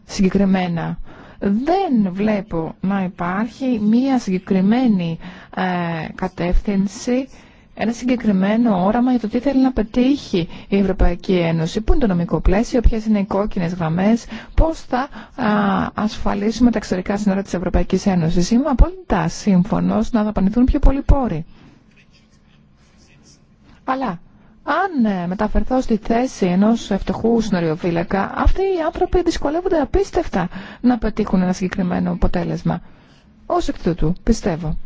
S3: συγκεκριμένα. Δεν βλέπω να υπάρχει μία συγκεκριμένη ε, κατεύθυνση ένα συγκεκριμένο όραμα για το τι θέλει να πετύχει η Ευρωπαϊκή Ένωση. Πού είναι το νομικό πλαίσιο, ποιε είναι οι κόκκινε γραμμέ, πώ θα ασφαλίσουμε τα εξωτερικά σύνορα τη Ευρωπαϊκή Ένωση. Είμαι απόλυτα σύμφωνο να δαπανηθούν πιο πολλοί πόροι. Αλλά αν ε, μεταφερθώ στη θέση ενό φτωχού σνοριοφύλακα, αυτοί οι άνθρωποι δυσκολεύονται απίστευτα να πετύχουν ένα συγκεκριμένο αποτέλεσμα. Ω εκ τούτου, πιστεύω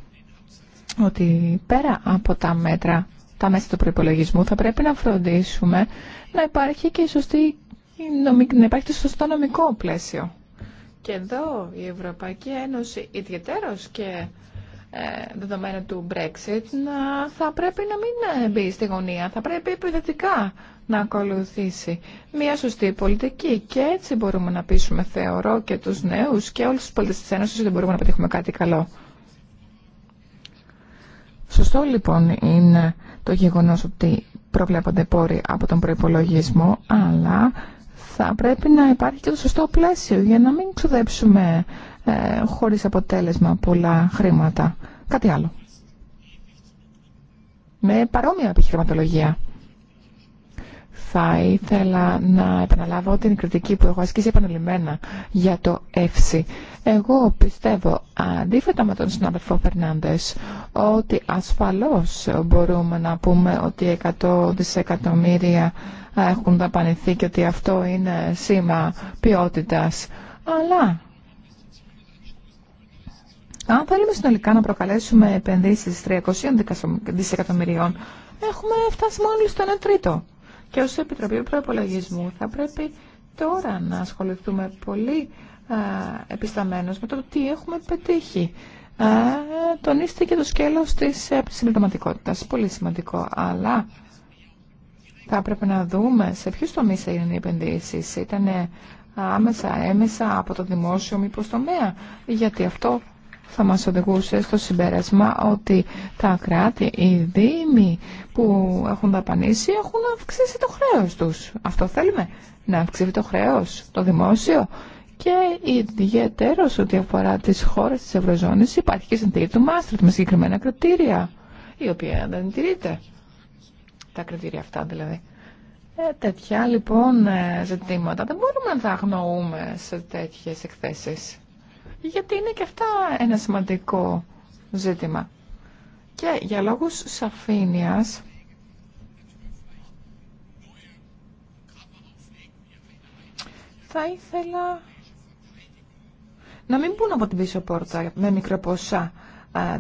S3: ότι πέρα από τα μέτρα, τα μέσα του προπολογισμού, θα πρέπει να φροντίσουμε να υπάρχει και η σωστή, να υπάρχει το σωστό νομικό πλαίσιο. Και εδώ η Ευρωπαϊκή Ένωση, ιδιαίτερο και ε, δεδομένου του Brexit, να, θα πρέπει να μην ε, μπει στη γωνία, θα πρέπει επιδετικά να ακολουθήσει μια σωστή πολιτική. Και έτσι μπορούμε να πείσουμε, θεωρώ, και τους νέους και όλους τους πολίτες της Ένωσης ότι μπορούμε να πετύχουμε κάτι καλό. Σωστό λοιπόν είναι το γεγονός ότι προβλέπονται πόροι από τον προϋπολογισμό, αλλά θα πρέπει να υπάρχει και το σωστό πλαίσιο για να μην ξοδέψουμε ε, χωρίς αποτέλεσμα πολλά χρήματα. Κάτι άλλο. Με παρόμοια επιχειρηματολογία. Θα ήθελα να επαναλάβω την κριτική που έχω ασκήσει επαναλημμένα για το ΕΦΣΥ. Εγώ πιστεύω, αντίθετα με τον συνάδελφο Φερνάντε, ότι ασφαλώς μπορούμε να πούμε ότι 100 δισεκατομμύρια έχουν δαπανηθεί και ότι αυτό είναι σήμα ποιότητας. Αλλά αν θέλουμε συνολικά να προκαλέσουμε επενδύσεις 300 δισεκατομμυρίων, έχουμε φτάσει μόνο στο 1 τρίτο. Και ως Επιτροπή Προπολογισμού θα πρέπει τώρα να ασχοληθούμε πολύ α, με το τι έχουμε πετύχει. Α, και το σκέλος της ε, συμπληρωματικότητας, πολύ σημαντικό, αλλά θα πρέπει να δούμε σε ποιους τομείς έγιναν οι επενδύσεις. Ήταν άμεσα, έμεσα από το δημόσιο μήπως τομέα, γιατί αυτό θα μας οδηγούσε στο συμπέρασμα ότι τα κράτη, οι δήμοι που έχουν δαπανίσει έχουν αυξήσει το χρέος τους. Αυτό θέλουμε, να αυξήσει το χρέος, το δημόσιο. Και ιδιαίτερο ό,τι αφορά τι χώρε τη Ευρωζώνη, υπάρχει και του Μάστρετ με συγκεκριμένα κριτήρια, η οποία δεν τηρείται. Τα κριτήρια αυτά δηλαδή. Ε, τέτοια λοιπόν ε, ζητήματα δεν μπορούμε να τα αγνοούμε σε τέτοιε εκθέσεις γιατί είναι και αυτά ένα σημαντικό ζήτημα. Και για λόγους σαφήνειας, θα ήθελα να μην πούν από την πίσω πόρτα με μικροποσά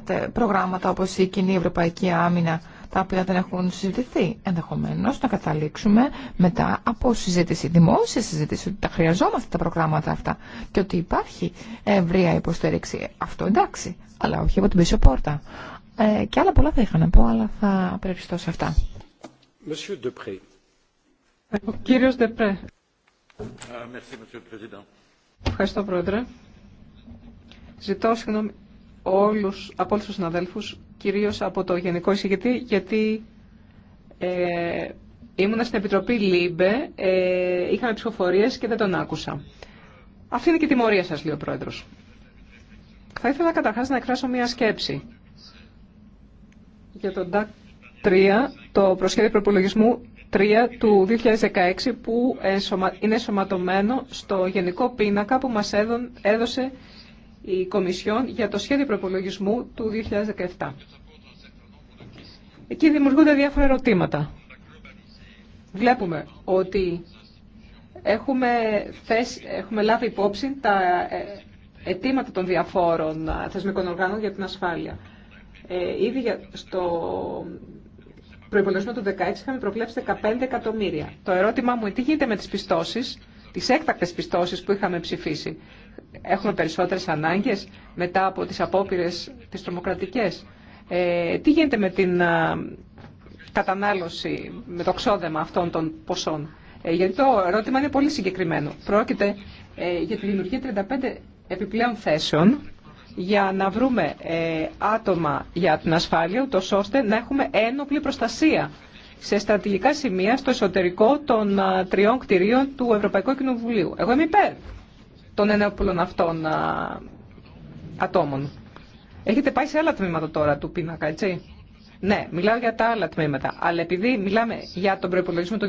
S3: ε, προγράμματα όπως η Κοινή Ευρωπαϊκή Άμυνα τα οποία δεν έχουν συζητηθεί. ενδεχομένω να καταλήξουμε μετά από συζήτηση, δημόσια συζήτηση, ότι τα χρειαζόμαστε τα προγράμματα αυτά και ότι υπάρχει ευρεία υποστήριξη. Αυτό εντάξει, αλλά όχι από την πίσω πόρτα. Ε, και άλλα πολλά θα είχα να πω, αλλά θα περιοριστώ σε αυτά. Ο κύριος Δεπρέ. Ευχαριστώ, Πρόεδρε.
S2: Ζητώ συγγνώμη όλους, από όλους τους κυρίως από το Γενικό Εισηγητή, γιατί ε, ήμουνα στην Επιτροπή ΛΥΜΠΕ, ε, είχαμε ψηφοφορίες και δεν τον άκουσα. Αυτή είναι και η τιμωρία σας, λέει ο Πρόεδρος. Θα ήθελα καταρχάς να εκφράσω μία σκέψη για τον ΤΑΚ 3, το προσχέδιο προπολογισμού 3 του 2016 που ε, είναι σωματωμένο στο γενικό πίνακα που μας έδωσε η Κομισιόν για το σχέδιο προπολογισμού του 2017. Εκεί δημιουργούνται διάφορα ερωτήματα. Βλέπουμε ότι έχουμε, έχουμε λάβει υπόψη τα ε, αιτήματα των διαφόρων ε, θεσμικών οργάνων για την ασφάλεια. Ε, ήδη στο προϋπολογισμό του 2016 είχαμε προβλέψει 15 εκατομμύρια. Το ερώτημά μου είναι τι γίνεται με τις πιστώσεις, τις έκτακτες πιστώσεις που είχαμε ψηφίσει έχουμε περισσότερες ανάγκες μετά από τις απόπειρες τις τρομοκρατικές. Ε, τι γίνεται με την ε, κατανάλωση, με το ξόδεμα αυτών των ποσών. Ε, γιατί το ερώτημα είναι πολύ συγκεκριμένο. Πρόκειται ε, για τη δημιουργία 35 επιπλέον θέσεων για να βρούμε ε, άτομα για την ασφάλεια, ούτως ώστε να έχουμε ένοπλη προστασία σε στρατηγικά σημεία στο εσωτερικό των τριών κτηρίων του Ευρωπαϊκού Κοινοβουλίου. Εγώ είμαι υπέρ των ενέοπλων αυτών ατόμων. Έχετε πάει σε άλλα τμήματα τώρα του πίνακα, έτσι. Ναι, μιλάω για τα άλλα τμήματα. Αλλά επειδή μιλάμε για τον προπολογισμό του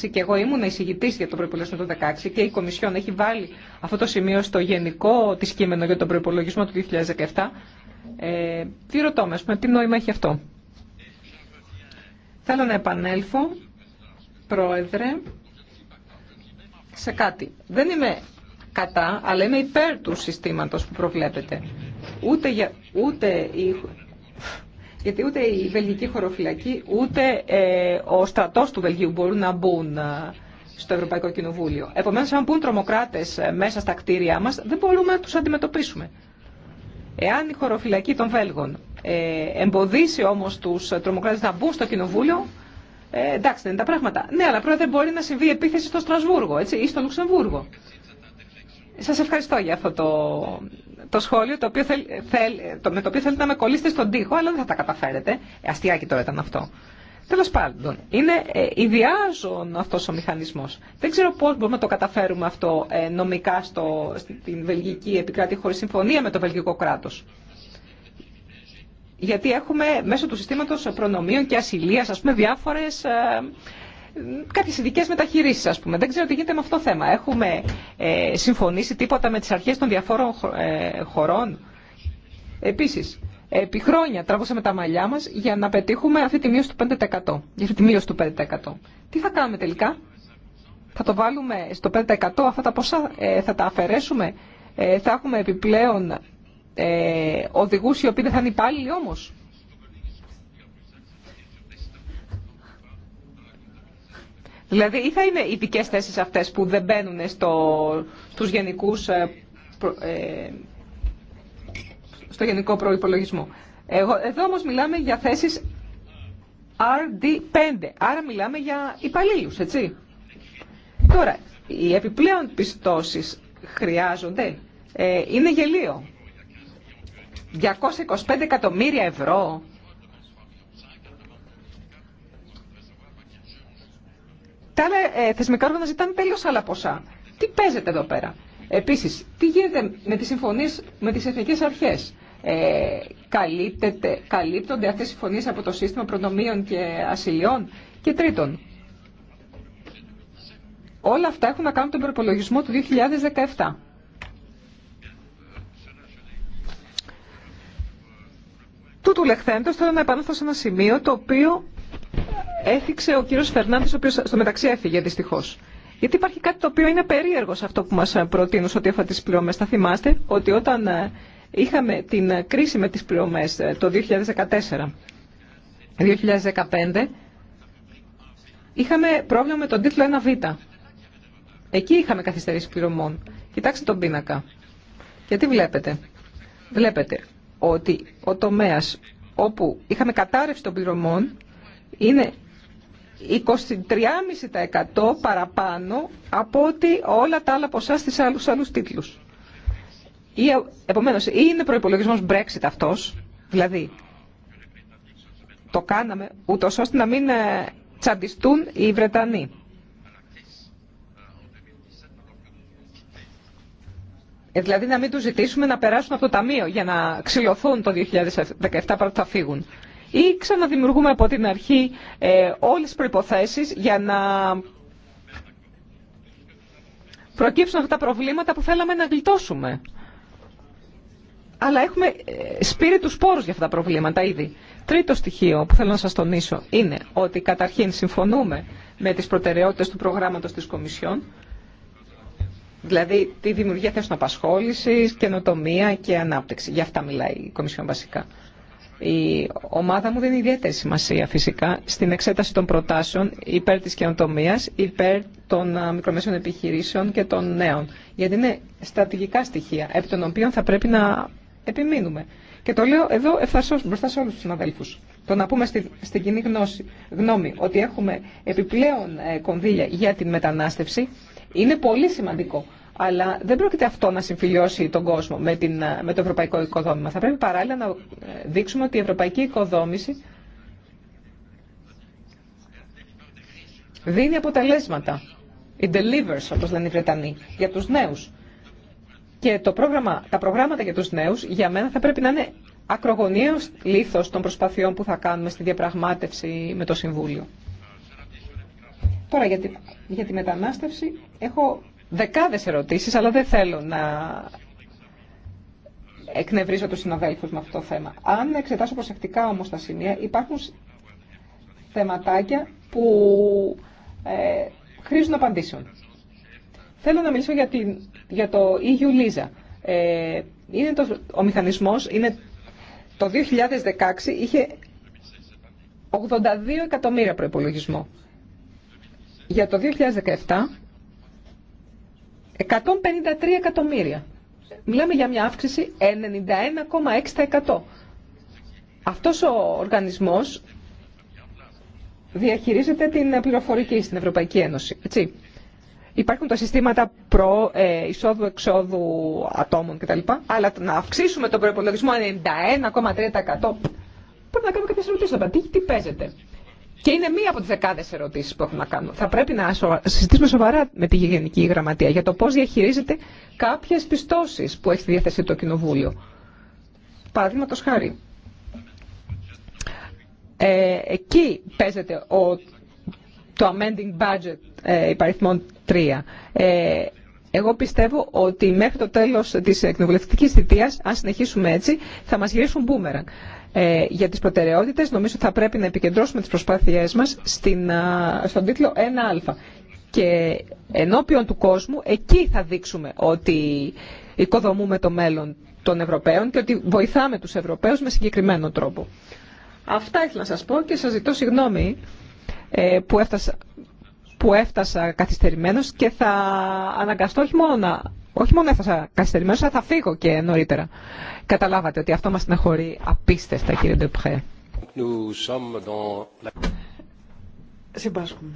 S2: 2016 και εγώ ήμουν εισηγητή για τον προπολογισμό του 2016 και η Κομισιόν έχει βάλει αυτό το σημείο στο γενικό τη κείμενο για τον προπολογισμό του 2017, ε, τι ρωτώ με, πούμε, τι νόημα έχει αυτό. Θέλω να επανέλθω, Πρόεδρε, σε κάτι. Δεν είμαι κατά, αλλά είμαι υπέρ του συστήματος που προβλέπετε. Ούτε, για, ούτε η, γιατί ούτε η βελγική χωροφυλακή, ούτε ε, ο στρατός του Βελγίου μπορούν να μπουν ε, στο Ευρωπαϊκό Κοινοβούλιο. Επομένως, αν μπουν τρομοκράτες ε, μέσα στα κτίρια μας, δεν μπορούμε να τους αντιμετωπίσουμε. Εάν η χωροφυλακή των Βέλγων ε, εμποδίσει όμως τους τρομοκράτες να μπουν στο Κοινοβούλιο, ε, εντάξει, δεν είναι τα πράγματα. Ναι, αλλά πρώτα δεν μπορεί να συμβεί επίθεση στο Στρασβούργο έτσι, ή στο Λουξεμβούργο. Σας ευχαριστώ για αυτό το, το σχόλιο το οποίο το, με το οποίο θέλετε να με κολλήσετε στον τοίχο, αλλά δεν θα τα καταφέρετε. Αστιάκι τώρα ήταν αυτό. Τέλο πάντων, είναι ε, ιδιάζων αυτός ο μηχανισμός. Δεν ξέρω πώς μπορούμε να το καταφέρουμε αυτό ε, νομικά στο, στην βελγική επικράτη χωρί συμφωνία με το βελγικό κράτος. Γιατί έχουμε μέσω του συστήματος προνομίων και ασυλίας, α πούμε, διάφορε ε, κάποιε ειδικέ μεταχειρήσει, α πούμε. Δεν ξέρω τι γίνεται με αυτό το θέμα. Έχουμε ε, συμφωνήσει τίποτα με τι αρχέ των διαφόρων ε, χωρών. Επίση, επί χρόνια τραβούσαμε τα μαλλιά μα για να πετύχουμε αυτή τη μείωση του 5%. Για αυτή τη μείωση του 5%. Τι θα κάνουμε τελικά, θα το βάλουμε στο 5% αυτά τα ποσά, ε, θα τα αφαιρέσουμε, ε, θα έχουμε επιπλέον ε, οδηγού οι οποίοι δεν θα είναι υπάλληλοι όμω. Δηλαδή ή θα είναι ειδικέ θέσει αυτές που δεν μπαίνουν στο, γενικούς, ε, ε, στο γενικό προϋπολογισμό. εδώ όμως μιλάμε για θέσεις RD5, άρα μιλάμε για υπαλλήλου, έτσι. Τώρα, οι επιπλέον πιστώσεις χρειάζονται. Ε, είναι γελίο. 225 εκατομμύρια ευρώ Τα άλλα ε, θεσμικά όργανα ζητάνε τελείω άλλα ποσά. Τι παίζεται εδώ πέρα. Επίσης, τι γίνεται με τις συμφωνίες με τις εθνικές αρχές. Ε, καλύπτονται αυτές οι συμφωνίες από το σύστημα προνομίων και ασυλιών. Και τρίτον, όλα αυτά έχουν να κάνουν τον προπολογισμό του 2017. Τούτου λεχθέντος θέλω να επανέλθω σε ένα σημείο το οποίο έθιξε ο κύριος Φερνάνδης, ο οποίος στο μεταξύ έφυγε δυστυχώς. Γιατί υπάρχει κάτι το οποίο είναι περίεργο σε αυτό που μας προτείνουν ότι αφορά τις πληρωμές. Θα θυμάστε ότι όταν ε, είχαμε την κρίση με τις πληρωμές ε, το 2014-2015, είχαμε πρόβλημα με τον τίτλο 1β. Εκεί είχαμε καθυστερήσει πληρωμών. Κοιτάξτε τον πίνακα. Γιατί βλέπετε. Βλέπετε ότι ο τομέας όπου είχαμε κατάρρευση των πληρωμών είναι 23,5% παραπάνω από ότι όλα τα άλλα ποσά στις άλλους, άλλους τίτλους. επομένως, ή είναι προϋπολογισμός Brexit αυτός, δηλαδή το κάναμε ούτως ώστε να μην ε, τσαντιστούν οι Βρετανοί. Ε, δηλαδή να μην τους ζητήσουμε να περάσουν από το Ταμείο για να ξυλωθούν το 2017 παρότι θα φύγουν ή ξαναδημιουργούμε από την αρχή ε, όλες τις προϋποθέσεις για να προκύψουν αυτά τα προβλήματα που θέλαμε να γλιτώσουμε. Αλλά έχουμε ε, σπείρει του πόρους για αυτά τα προβλήματα ήδη. Τρίτο στοιχείο που θέλω να σας τονίσω είναι ότι καταρχήν συμφωνούμε με τις προτεραιότητες του προγράμματος της Κομισιόν, δηλαδή τη δημιουργία θέσεων απασχόλησης, καινοτομία και ανάπτυξη. Γι' αυτά μιλάει η Κομισιόν βασικά. Η ομάδα μου δίνει ιδιαίτερη σημασία φυσικά στην εξέταση των προτάσεων υπέρ της καινοτομίας, υπέρ των μικρομέσων επιχειρήσεων και των νέων. Γιατί είναι στρατηγικά στοιχεία, επί των οποίων θα πρέπει να επιμείνουμε. Και το λέω εδώ μπροστά σε όλου του συναδέλφου. Το να πούμε στη, στην κοινή γνώση, γνώμη ότι έχουμε επιπλέον ε, κονδύλια για την μετανάστευση είναι πολύ σημαντικό αλλά δεν πρόκειται αυτό να συμφιλιώσει τον κόσμο με, την, με το ευρωπαϊκό οικοδόμημα. Θα πρέπει παράλληλα να δείξουμε ότι η ευρωπαϊκή οικοδόμηση δίνει αποτελέσματα. it delivers, όπως λένε οι Βρετανοί, για τους νέους. Και το πρόγραμμα, τα προγράμματα για τους νέους, για μένα, θα πρέπει να είναι ακρογωνίως λήθος των προσπαθειών που θα κάνουμε στη διαπραγμάτευση με το Συμβούλιο. Τώρα για για τη μετανάστευση έχω δεκάδες ερωτήσεις, αλλά δεν θέλω να εκνευρίζω τους συναδέλφους με αυτό το θέμα. Αν εξετάσω προσεκτικά όμως τα σημεία, υπάρχουν θεματάκια που ε, χρήζουν απαντήσεων. Θέλω να μιλήσω για, την, για το EU Λίζα. Ε, είναι το, ο μηχανισμός είναι το 2016 είχε 82 εκατομμύρια προϋπολογισμό. Για το 2017 153 εκατομμύρια. Μιλάμε για μια αύξηση 91,6%. Αυτός ο οργανισμός διαχειρίζεται την πληροφορική στην Ευρωπαϊκή Ένωση. Έτσι. Υπάρχουν τα συστήματα προ, ε, εισόδου, εξόδου ατόμων κτλ. Αλλά να αυξήσουμε τον προπολογισμό 91,3% πρέπει να κάνουμε κάποιε ερωτήσει. Τι, τι παίζεται. Και είναι μία από τι δεκάδε ερωτήσει που έχουμε να κάνουμε. Θα πρέπει να συζητήσουμε σοβαρά με τη Γενική Γραμματεία για το πώ διαχειρίζεται κάποιε πιστώσει που έχει στη διάθεση το Κοινοβούλιο. Παραδείγματο χάρη. Ε, εκεί παίζεται ο, το amending budget ε, υπαριθμών 3. Ε, εγώ πιστεύω ότι μέχρι το τέλος της εκνοβουλευτικής θητείας, αν συνεχίσουμε έτσι, θα μας γυρίσουν μπούμεραν. Ε, για τις προτεραιότητες νομίζω θα πρέπει να επικεντρώσουμε τις προσπάθειές μας στην, στον τίτλο 1α. Και ενώπιον του κόσμου εκεί θα δείξουμε ότι οικοδομούμε το μέλλον των Ευρωπαίων και ότι βοηθάμε τους Ευρωπαίους με συγκεκριμένο τρόπο. Αυτά ήθελα να σας πω και σας ζητώ συγγνώμη ε, που, έφτασα, που έφτασα καθυστερημένος και θα αναγκαστώ όχι μόνο να... Όχι μόνο έφτασα καθυστερημένος, αλλά θα φύγω και νωρίτερα. Καταλάβατε ότι αυτό μας συναχωρεί απίστευτα, κύριε Ντεπχέ.
S1: Συμπάσχουμε.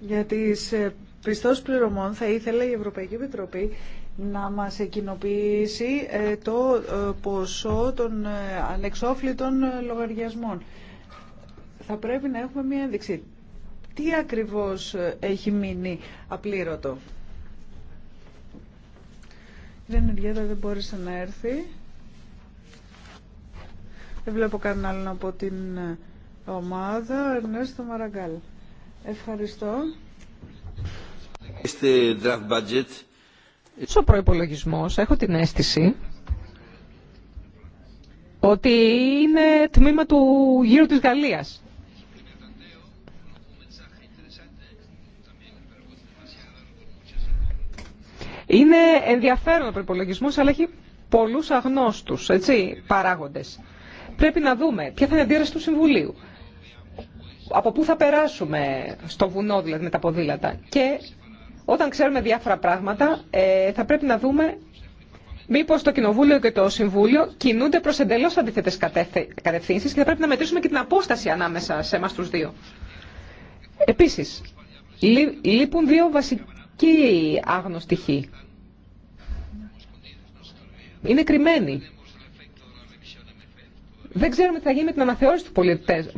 S1: Για τις ε, πιστώσεις πληρωμών θα ήθελε η Ευρωπαϊκή Επιτροπή να μας εκκοινοποιήσει ε, το ε, ποσό των ανεξόφλητων λογαριασμών. Θα πρέπει να έχουμε μία ένδειξη. Τι ακριβώς έχει μείνει απλήρωτο. Δεν είναι δεν μπόρεσε να έρθει. Δεν βλέπω κανέναν από την ε, ομάδα. Ερνέστο Μαραγκάλ. Ευχαριστώ. Στο προπολογισμό
S2: έχω την αίσθηση ότι είναι τμήμα του γύρου της Γαλλίας. Είναι ενδιαφέρον ο προπολογισμό, αλλά έχει πολλού αγνώστου παράγοντε. Πρέπει να δούμε ποια θα είναι η αντίδραση του Συμβουλίου. Από πού θα περάσουμε στο βουνό, δηλαδή με τα ποδήλατα. Και όταν ξέρουμε διάφορα πράγματα, ε, θα πρέπει να δούμε μήπω το Κοινοβούλιο και το Συμβούλιο κινούνται προ εντελώ αντίθετε κατευθύνσει και θα πρέπει να μετρήσουμε και την απόσταση ανάμεσα σε εμά του δύο. Επίση, λείπουν δύο βασικέ κι άγνωστη Είναι κρυμμένη. Δεν ξέρουμε τι θα γίνει με την αναθεώρηση του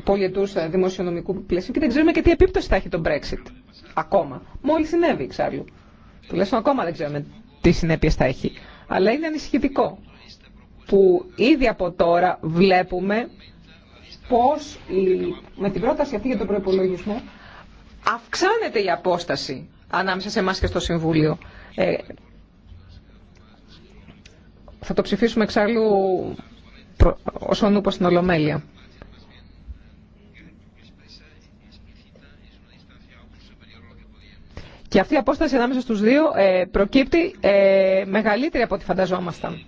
S2: πολιετού ε, δημοσιονομικού πλαισίου και δεν ξέρουμε και τι επίπτωση θα έχει το Brexit. Ακόμα. Μόλι συνέβη εξάλλου. Τουλάχιστον ακόμα δεν ξέρουμε τι συνέπειε θα έχει. Αλλά είναι ανησυχητικό που ήδη από τώρα βλέπουμε πώς με την πρόταση αυτή για τον προπολογισμό αυξάνεται η απόσταση ανάμεσα σε εμά και στο Συμβούλιο. Ε, θα το ψηφίσουμε εξάλλου ως ούπο στην Ολομέλεια. Και αυτή η απόσταση ανάμεσα στους δύο ε, προκύπτει ε, μεγαλύτερη από ό,τι φανταζόμασταν.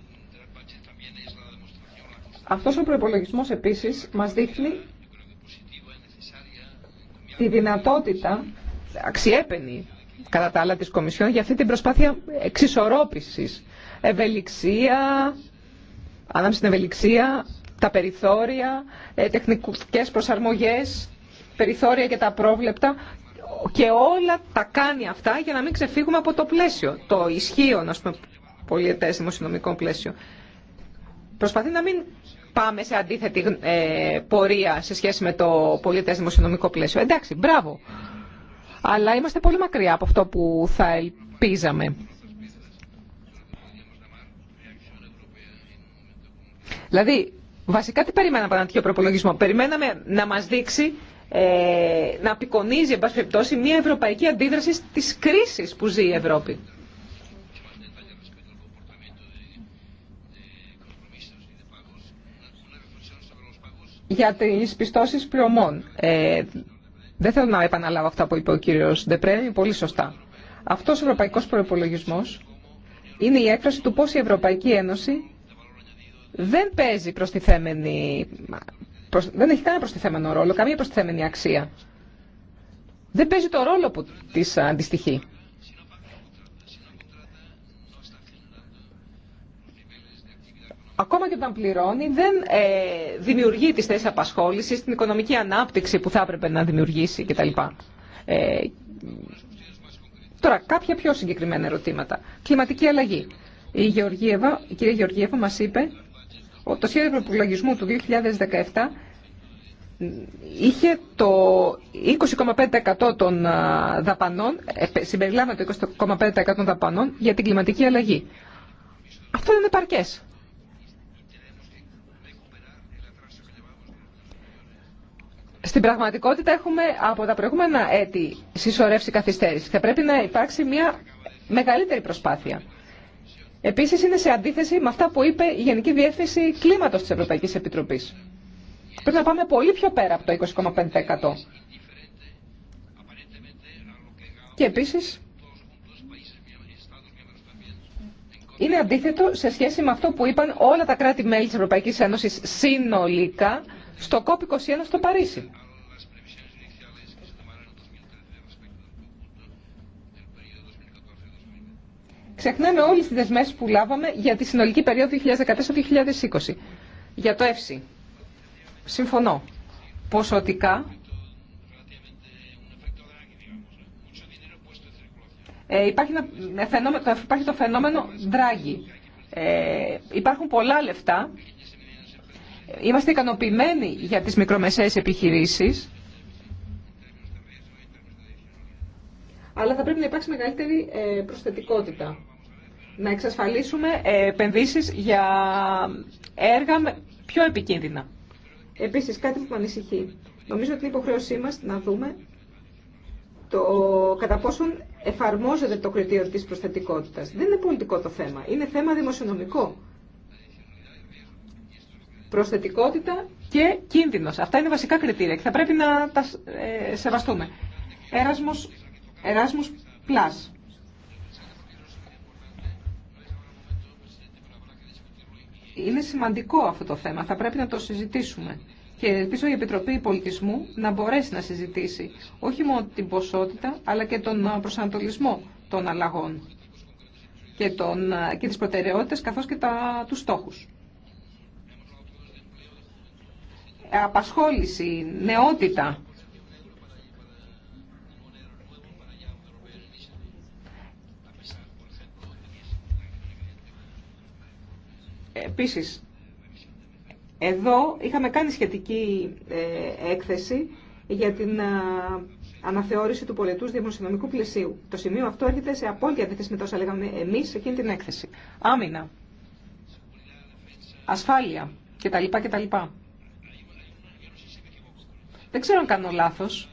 S2: Αυτός ο προϋπολογισμός επίσης μας δείχνει τη δυνατότητα αξιέπαινη κατά τα άλλα της Κομισιόν για αυτή την προσπάθεια εξισορρόπησης. Ευελιξία, ανάμεσα στην ευελιξία, τα περιθώρια, ε, τεχνικές προσαρμογές, περιθώρια και τα πρόβλεπτα και όλα τα κάνει αυτά για να μην ξεφύγουμε από το πλαίσιο, το ισχύον, ας πούμε, πολιετές δημοσιονομικό πλαίσιο. Προσπαθεί να μην πάμε σε αντίθετη ε, πορεία σε σχέση με το πολιετές δημοσιονομικό πλαίσιο. Εντάξει, μπράβο αλλά είμαστε πολύ μακριά από αυτό που θα ελπίζαμε. Δηλαδή, βασικά τι περιμέναμε από έναν τέτοιο προπολογισμό. Περιμέναμε να μας δείξει ε, να απεικονίζει, εν μια ευρωπαϊκή αντίδραση στις κρίσεις που ζει η Ευρώπη. Για τις πιστώσεις πληρωμών. Ε, δεν θέλω να επαναλάβω αυτά που είπε ο κύριο Ντεπρέ, πολύ σωστά. Αυτό ο ευρωπαϊκό προπολογισμό είναι η έκφραση του πώ η Ευρωπαϊκή Ένωση δεν παίζει προστιθέμενη. Προς, δεν έχει κανένα προστιθέμενο ρόλο, καμία προστιθέμενη αξία. Δεν παίζει το ρόλο που τη αντιστοιχεί. ακόμα και όταν πληρώνει, δεν ε, δημιουργεί τις θέσεις απασχόλησης, την οικονομική ανάπτυξη που θα έπρεπε να δημιουργήσει κτλ. Ε, τώρα, κάποια πιο συγκεκριμένα ερωτήματα. Κλιματική αλλαγή. Η, Γεωργίευα, η κυρία Γεωργίευα μας είπε ότι το σχέδιο προπολογισμού του 2017 είχε το 20,5% των ε, δαπανών, ε, συμπεριλάμβανε το 20,5% των δαπανών για την κλιματική αλλαγή. Αυτό δεν είναι παρκές. Στην πραγματικότητα έχουμε από τα προηγούμενα έτη συσσωρεύσει καθυστέρηση. Θα πρέπει να υπάρξει μια μεγαλύτερη προσπάθεια. Επίσης είναι σε αντίθεση με αυτά που είπε η Γενική Διεύθυνση Κλίματος της Ευρωπαϊκής Επιτροπής. Πρέπει να πάμε πολύ πιο πέρα από το 20,5%. Και επίσης είναι αντίθετο σε σχέση με αυτό που είπαν όλα τα κράτη-μέλη της Ευρωπαϊκής Ένωσης συνολικά στο COP21 στο Παρίσι. Ξεχνάμε όλε τι δεσμεύσει που λάβαμε για τη συνολική περίοδο 2014-2020. Για το ΕΦΣΥ. Συμφωνώ. Ποσοτικά ε, υπάρχει, το φαινόμενο δράγη. Ε, υπάρχουν πολλά λεφτά Είμαστε ικανοποιημένοι για τις μικρομεσαίες επιχειρήσεις, αλλά θα πρέπει να υπάρξει μεγαλύτερη ε, προσθετικότητα. Να εξασφαλίσουμε ε, επενδύσεις για έργα πιο επικίνδυνα. Επίσης, κάτι που με ανησυχεί. Νομίζω ότι είναι υποχρέωσή μας να δούμε το κατά πόσον εφαρμόζεται το κριτήριο της προσθετικότητας. Δεν είναι πολιτικό το θέμα, είναι θέμα δημοσιονομικό προσθετικότητα και κίνδυνος. Αυτά είναι βασικά κριτήρια και θα πρέπει να τα ε, σεβαστούμε. Εράσμος Erasmus Plus. Είναι σημαντικό αυτό το θέμα, θα πρέπει να το συζητήσουμε. Και ελπίζω η Επιτροπή Πολιτισμού να μπορέσει να συζητήσει όχι μόνο την ποσότητα, αλλά και τον προσανατολισμό των αλλαγών και, τον, ε, και τις καθώς και τα, τους στόχους. απασχόληση, νεότητα. Επίσης, εδώ είχαμε κάνει σχετική ε, έκθεση για την ε, αναθεώρηση του πολιτού δημοσιονομικού πλαισίου. Το σημείο αυτό έρχεται σε απόλυτη αντίθεση με τόσα λέγαμε εμείς σε εκείνη την έκθεση. Άμυνα, ασφάλεια κτλ. κτλ. Δεν ξέρω αν κάνω λάθος,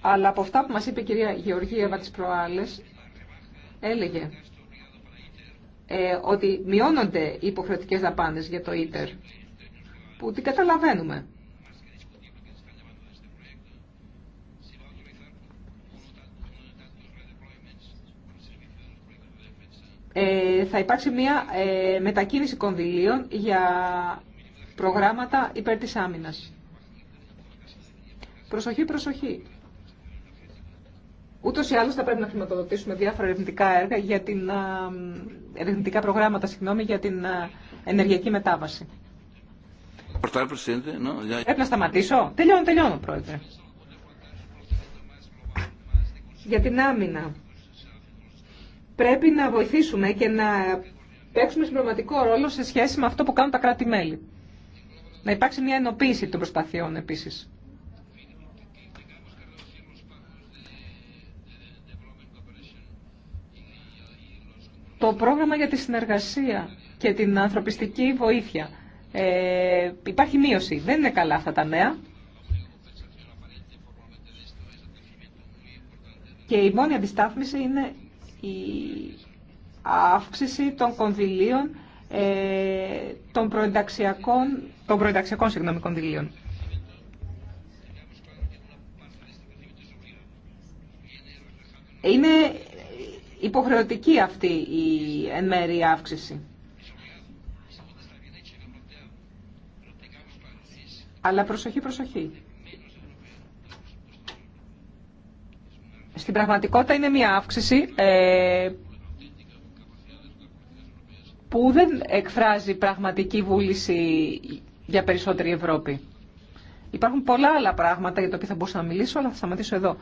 S2: αλλά από αυτά που μας είπε η κυρία Γεωργίευα τις προάλλες, έλεγε ε, ότι μειώνονται οι υποχρεωτικές δαπάνες για το ίτερ, που την καταλαβαίνουμε. Ε, θα υπάρξει μια ε, μετακίνηση κονδυλίων για προγράμματα υπέρ της άμυνας. Προσοχή, προσοχή. Ούτως ή άλλως θα πρέπει να χρηματοδοτήσουμε διάφορα ερευνητικά έργα για την, ερευνητικά προγράμματα συγγνώμη, για την ενεργειακή μετάβαση. Πρέπει να σταματήσω. Τελειώνω, τελειώνω, πρόεδρε. Για την άμυνα. Πρέπει να βοηθήσουμε και να παίξουμε συμπληρωματικό ρόλο σε σχέση με αυτό που κάνουν τα κράτη-μέλη. Να υπάρξει μια ενοποίηση των προσπαθειών επίσης. Το πρόγραμμα για τη συνεργασία και την ανθρωπιστική βοήθεια. Ε, υπάρχει μείωση. Δεν είναι καλά αυτά τα νέα. Και η μόνη αντιστάθμιση είναι η αύξηση των κονδυλίων ε, των προενταξιακών των προεταξιακών συγγνωμικών κονδυλίων. Είναι υποχρεωτική αυτή η εν μέρη αύξηση. Αλλά προσοχή, προσοχή. Στην πραγματικότητα είναι μια αύξηση ε, που δεν εκφράζει πραγματική βούληση για περισσότερη Ευρώπη. Υπάρχουν πολλά άλλα πράγματα για τα οποία θα μπορούσα να μιλήσω, αλλά θα
S1: σταματήσω εδώ.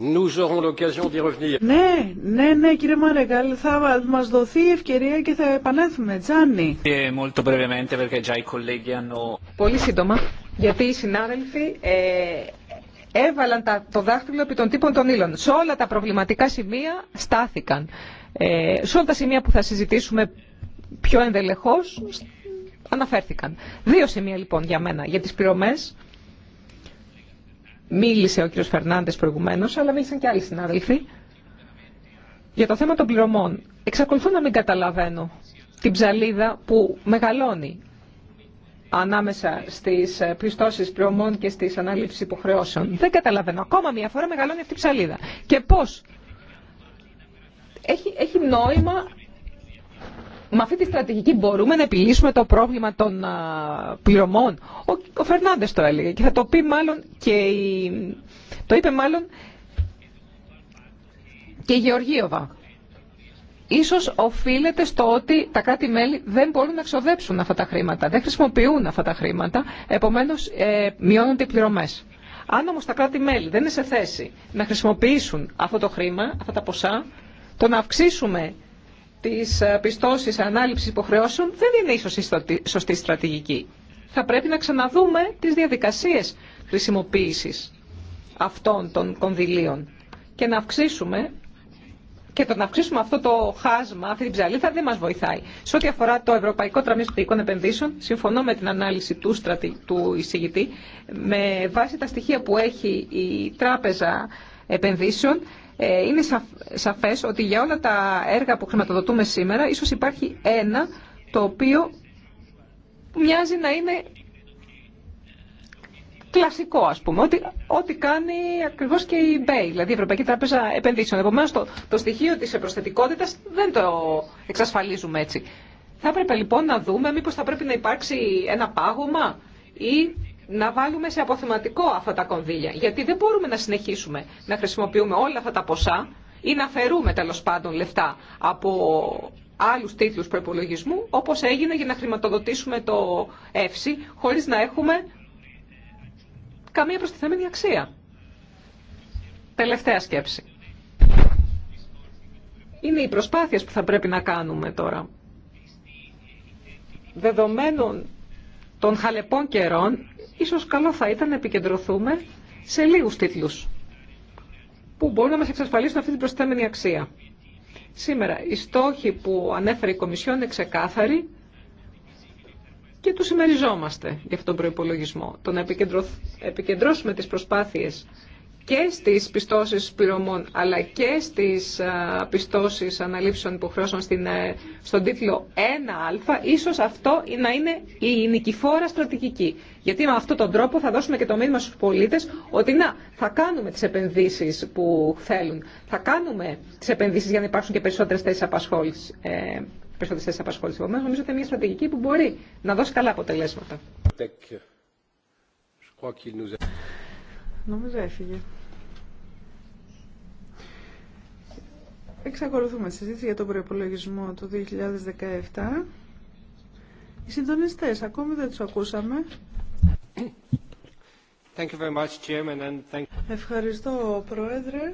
S3: Nous revenir.
S1: Ναι, ναι, ναι, κύριε Μαρεγκάλ, θα μα δοθεί ευκαιρία και θα επανέλθουμε. Τζάνι. Ε, Πολύ σύντομα, γιατί οι συνάδελφοι ε,
S2: έβαλαν τα, το δάχτυλο επί των τύπων των ύλων. Σε όλα τα προβληματικά σημεία στάθηκαν. Ε, σε όλα τα σημεία που θα συζητήσουμε πιο ενδελεχώς, αναφέρθηκαν. Δύο σημεία λοιπόν για μένα. Για τις πληρωμές μίλησε ο κ. Φερνάντες προηγουμένως, αλλά μίλησαν και άλλοι συνάδελφοι. Για το θέμα των πληρωμών, εξακολουθώ να μην καταλαβαίνω την ψαλίδα που μεγαλώνει ανάμεσα στις ε, πιστώσεις πληρωμών και στις ανάληψεις υποχρεώσεων. Δεν καταλαβαίνω. Ακόμα μία φορά μεγαλώνει αυτή η ψαλίδα. Και πώς έχει, έχει νόημα με αυτή τη στρατηγική μπορούμε να επιλύσουμε το πρόβλημα των πληρωμών. Ο, ο το έλεγε και θα το πει μάλλον και το είπε μάλλον και η Γεωργίωβα. Ίσως οφείλεται στο ότι τα κράτη-μέλη δεν μπορούν να ξοδέψουν αυτά τα χρήματα, δεν χρησιμοποιούν αυτά τα χρήματα, επομένως ε, μειώνονται οι πληρωμές. Αν όμως τα κράτη-μέλη δεν είναι σε θέση να χρησιμοποιήσουν αυτό το χρήμα, αυτά τα ποσά, το να αυξήσουμε τις ε, πιστώσεις ανάληψη υποχρεώσεων δεν είναι ίσω η σωστή στρατηγική. Θα πρέπει να ξαναδούμε τις διαδικασίες χρησιμοποίησης αυτών των κονδυλίων και να αυξήσουμε και το να αυξήσουμε αυτό το χάσμα, αυτή την ψαλίδα, δεν μα βοηθάει. Σε ό,τι αφορά το Ευρωπαϊκό Ταμείο Στρατηγικών Επενδύσεων, συμφωνώ με την ανάλυση του, στρατη, του εισηγητή. Με βάση τα στοιχεία που έχει η Τράπεζα Επενδύσεων, ε, είναι σαφές ότι για όλα τα έργα που χρηματοδοτούμε σήμερα ίσως υπάρχει ένα το οποίο μοιάζει να είναι κλασικό, ας πούμε, ότι, ό,τι κάνει ακριβώς και η ΜΠΕΙ, δηλαδή η Ευρωπαϊκή Τράπεζα Επενδύσεων. Επομένως, το, το στοιχείο της προσθετικότητας δεν το εξασφαλίζουμε έτσι. Θα έπρεπε λοιπόν να δούμε μήπως θα πρέπει να υπάρξει ένα πάγωμα ή να βάλουμε σε αποθεματικό αυτά τα κονδύλια. Γιατί δεν μπορούμε να συνεχίσουμε να χρησιμοποιούμε όλα αυτά τα ποσά ή να αφαιρούμε τέλο πάντων λεφτά από άλλου τίτλου προπολογισμού, όπω έγινε για να χρηματοδοτήσουμε το ΕΦΣΥ, χωρί να έχουμε καμία προστιθέμενη αξία. Τελευταία σκέψη. Είναι οι προσπάθειες που θα πρέπει να κάνουμε τώρα. Δεδομένων των χαλεπών καιρών, ίσως καλό θα ήταν να επικεντρωθούμε σε λίγους τίτλους που μπορούν να μας εξασφαλίσουν αυτή την προσθέμενη αξία. Σήμερα, οι στόχοι που ανέφερε η Κομισιόν είναι ξεκάθαροι και τους συμμεριζόμαστε για αυτόν τον προϋπολογισμό. Το να επικεντρώσουμε τις προσπάθειες και στις πιστώσεις πληρωμών αλλά και στις πιστώσεις αναλήψεων υποχρεώσεων στην, ε, στον τίτλο 1α, ίσως αυτό να είναι η νικηφόρα στρατηγική. Γιατί με αυτόν τον τρόπο θα δώσουμε και το μήνυμα στους πολίτες ότι να, θα κάνουμε τις επενδύσεις που θέλουν. Θα κάνουμε τις επενδύσεις για να υπάρξουν και περισσότερες θέσεις απασχόλησης. Ε, περισσότερες θέσεις απασχόλησης. Επομένως, νομίζω ότι είναι μια στρατηγική που μπορεί να δώσει καλά αποτελέσματα.
S1: Νομίζω έφυγε. Εξακολουθούμε τη συζήτηση για τον προπολογισμό του 2017. Οι συντονιστές ακόμη δεν τους ακούσαμε.
S3: Thank you very much, and
S1: thank... Ευχαριστώ, Πρόεδρε.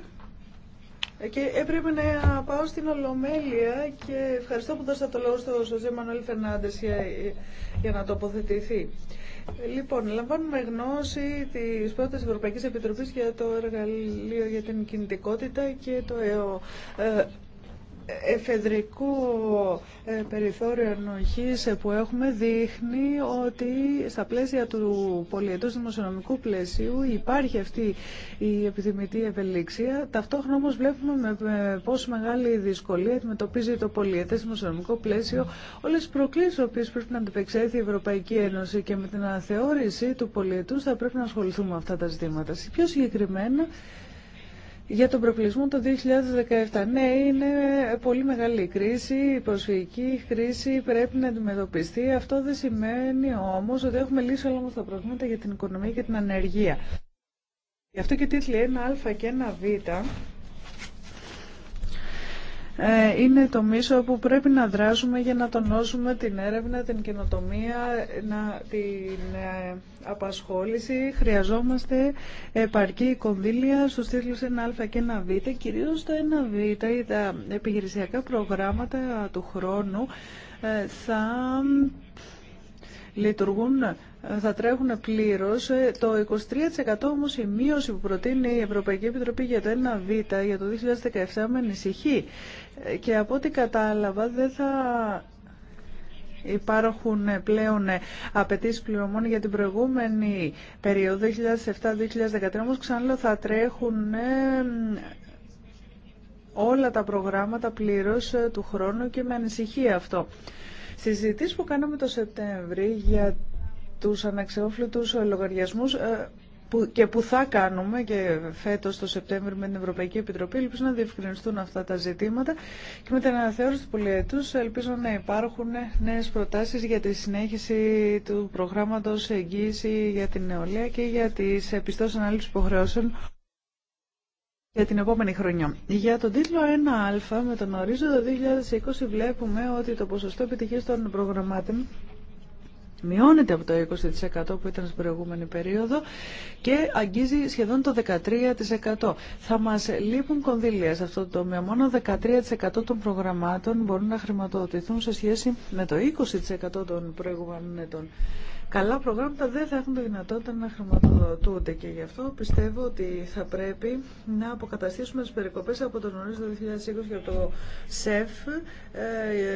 S1: Ε, και έπρεπε να πάω στην Ολομέλεια και ευχαριστώ που δώσατε το λόγο στο Ζωζέ Μανώλη Φερνάντες για, για να τοποθετηθεί. Λοιπόν, λαμβάνουμε γνώση τη πρώτη Ευρωπαϊκή Επιτροπή για το εργαλείο για την κινητικότητα και το ε, εφεδρικό ε, περιθώριο ενοχής που έχουμε δείχνει ότι στα πλαίσια του πολιετούς δημοσιονομικού πλαισίου υπάρχει αυτή η επιθυμητή ευελιξία. Ταυτόχρονα όμως βλέπουμε με πόσο μεγάλη δυσκολία αντιμετωπίζει το πολιετές δημοσιονομικό πλαίσιο όλες τις προκλήσεις οποίες πρέπει να αντιπεξέλθει η Ευρωπαϊκή Ένωση και με την αναθεώρηση του πολιετούς θα πρέπει να ασχοληθούμε με αυτά τα ζητήματα. Πιο συγκεκριμένα για τον προκλεισμό το 2017, ναι, είναι πολύ μεγάλη η κρίση, η προσφυγική κρίση πρέπει να αντιμετωπιστεί. Αυτό δεν σημαίνει όμως ότι έχουμε λύσει όλα τα προβλήματα για την οικονομία και την ανεργία. Γι' αυτό και τίτλοι 1α και 1β ε, είναι το μίσο που πρέπει να δράσουμε για να τονώσουμε την έρευνα, την καινοτομία, την ε, απασχόληση. Χρειαζόμαστε επαρκή κονδύλια στους τίτλους 1α και 1β, κυρίως το 1β ή τα επιχειρησιακά προγράμματα του χρόνου ε, θα λειτουργούν θα τρέχουν πλήρω. Ε, το 23% όμω η μείωση που προτείνει η Ευρωπαϊκή Επιτροπή για το 1Β για το 2017 με ανησυχεί. Ε, και από ό,τι κατάλαβα δεν θα υπάρχουν ε, πλέον απαιτήσει πληρωμών για την προηγούμενη περίοδο 2007-2013, όμω ξανά θα τρέχουν όλα τα προγράμματα πλήρω του χρόνου και με ανησυχεί αυτό. Συζητήσεις που κάναμε το Σεπτέμβρη για τους αναξεόφλητους λογαριασμούς ε, και που θα κάνουμε και φέτος το Σεπτέμβριο με την Ευρωπαϊκή Επιτροπή. Ελπίζω να διευκρινιστούν αυτά τα ζητήματα και με την αναθεώρηση του πολιετού ελπίζω να υπάρχουν νέες προτάσεις για τη συνέχιση του προγράμματος εγγύηση για την νεολαία και για τις επιστώσεις ανάλυσης υποχρεώσεων για την επόμενη χρονιά. Για τον τίτλο 1α με τον ορίζοντα 2020 βλέπουμε ότι το ποσοστό επιτυχίας των προγραμμάτων μειώνεται από το 20% που ήταν στην προηγούμενη περίοδο και αγγίζει σχεδόν το 13%. Θα μας λείπουν κονδύλια σε αυτό το τομέα. Μόνο 13% των προγραμμάτων μπορούν να χρηματοδοτηθούν σε σχέση με το 20% των προηγούμενων ετών καλά προγράμματα δεν θα έχουν τη δυνατότητα να χρηματοδοτούνται και γι' αυτό πιστεύω ότι θα πρέπει να αποκαταστήσουμε τις περικοπές από τον ορίζοντα 2020 για το ΣΕΦ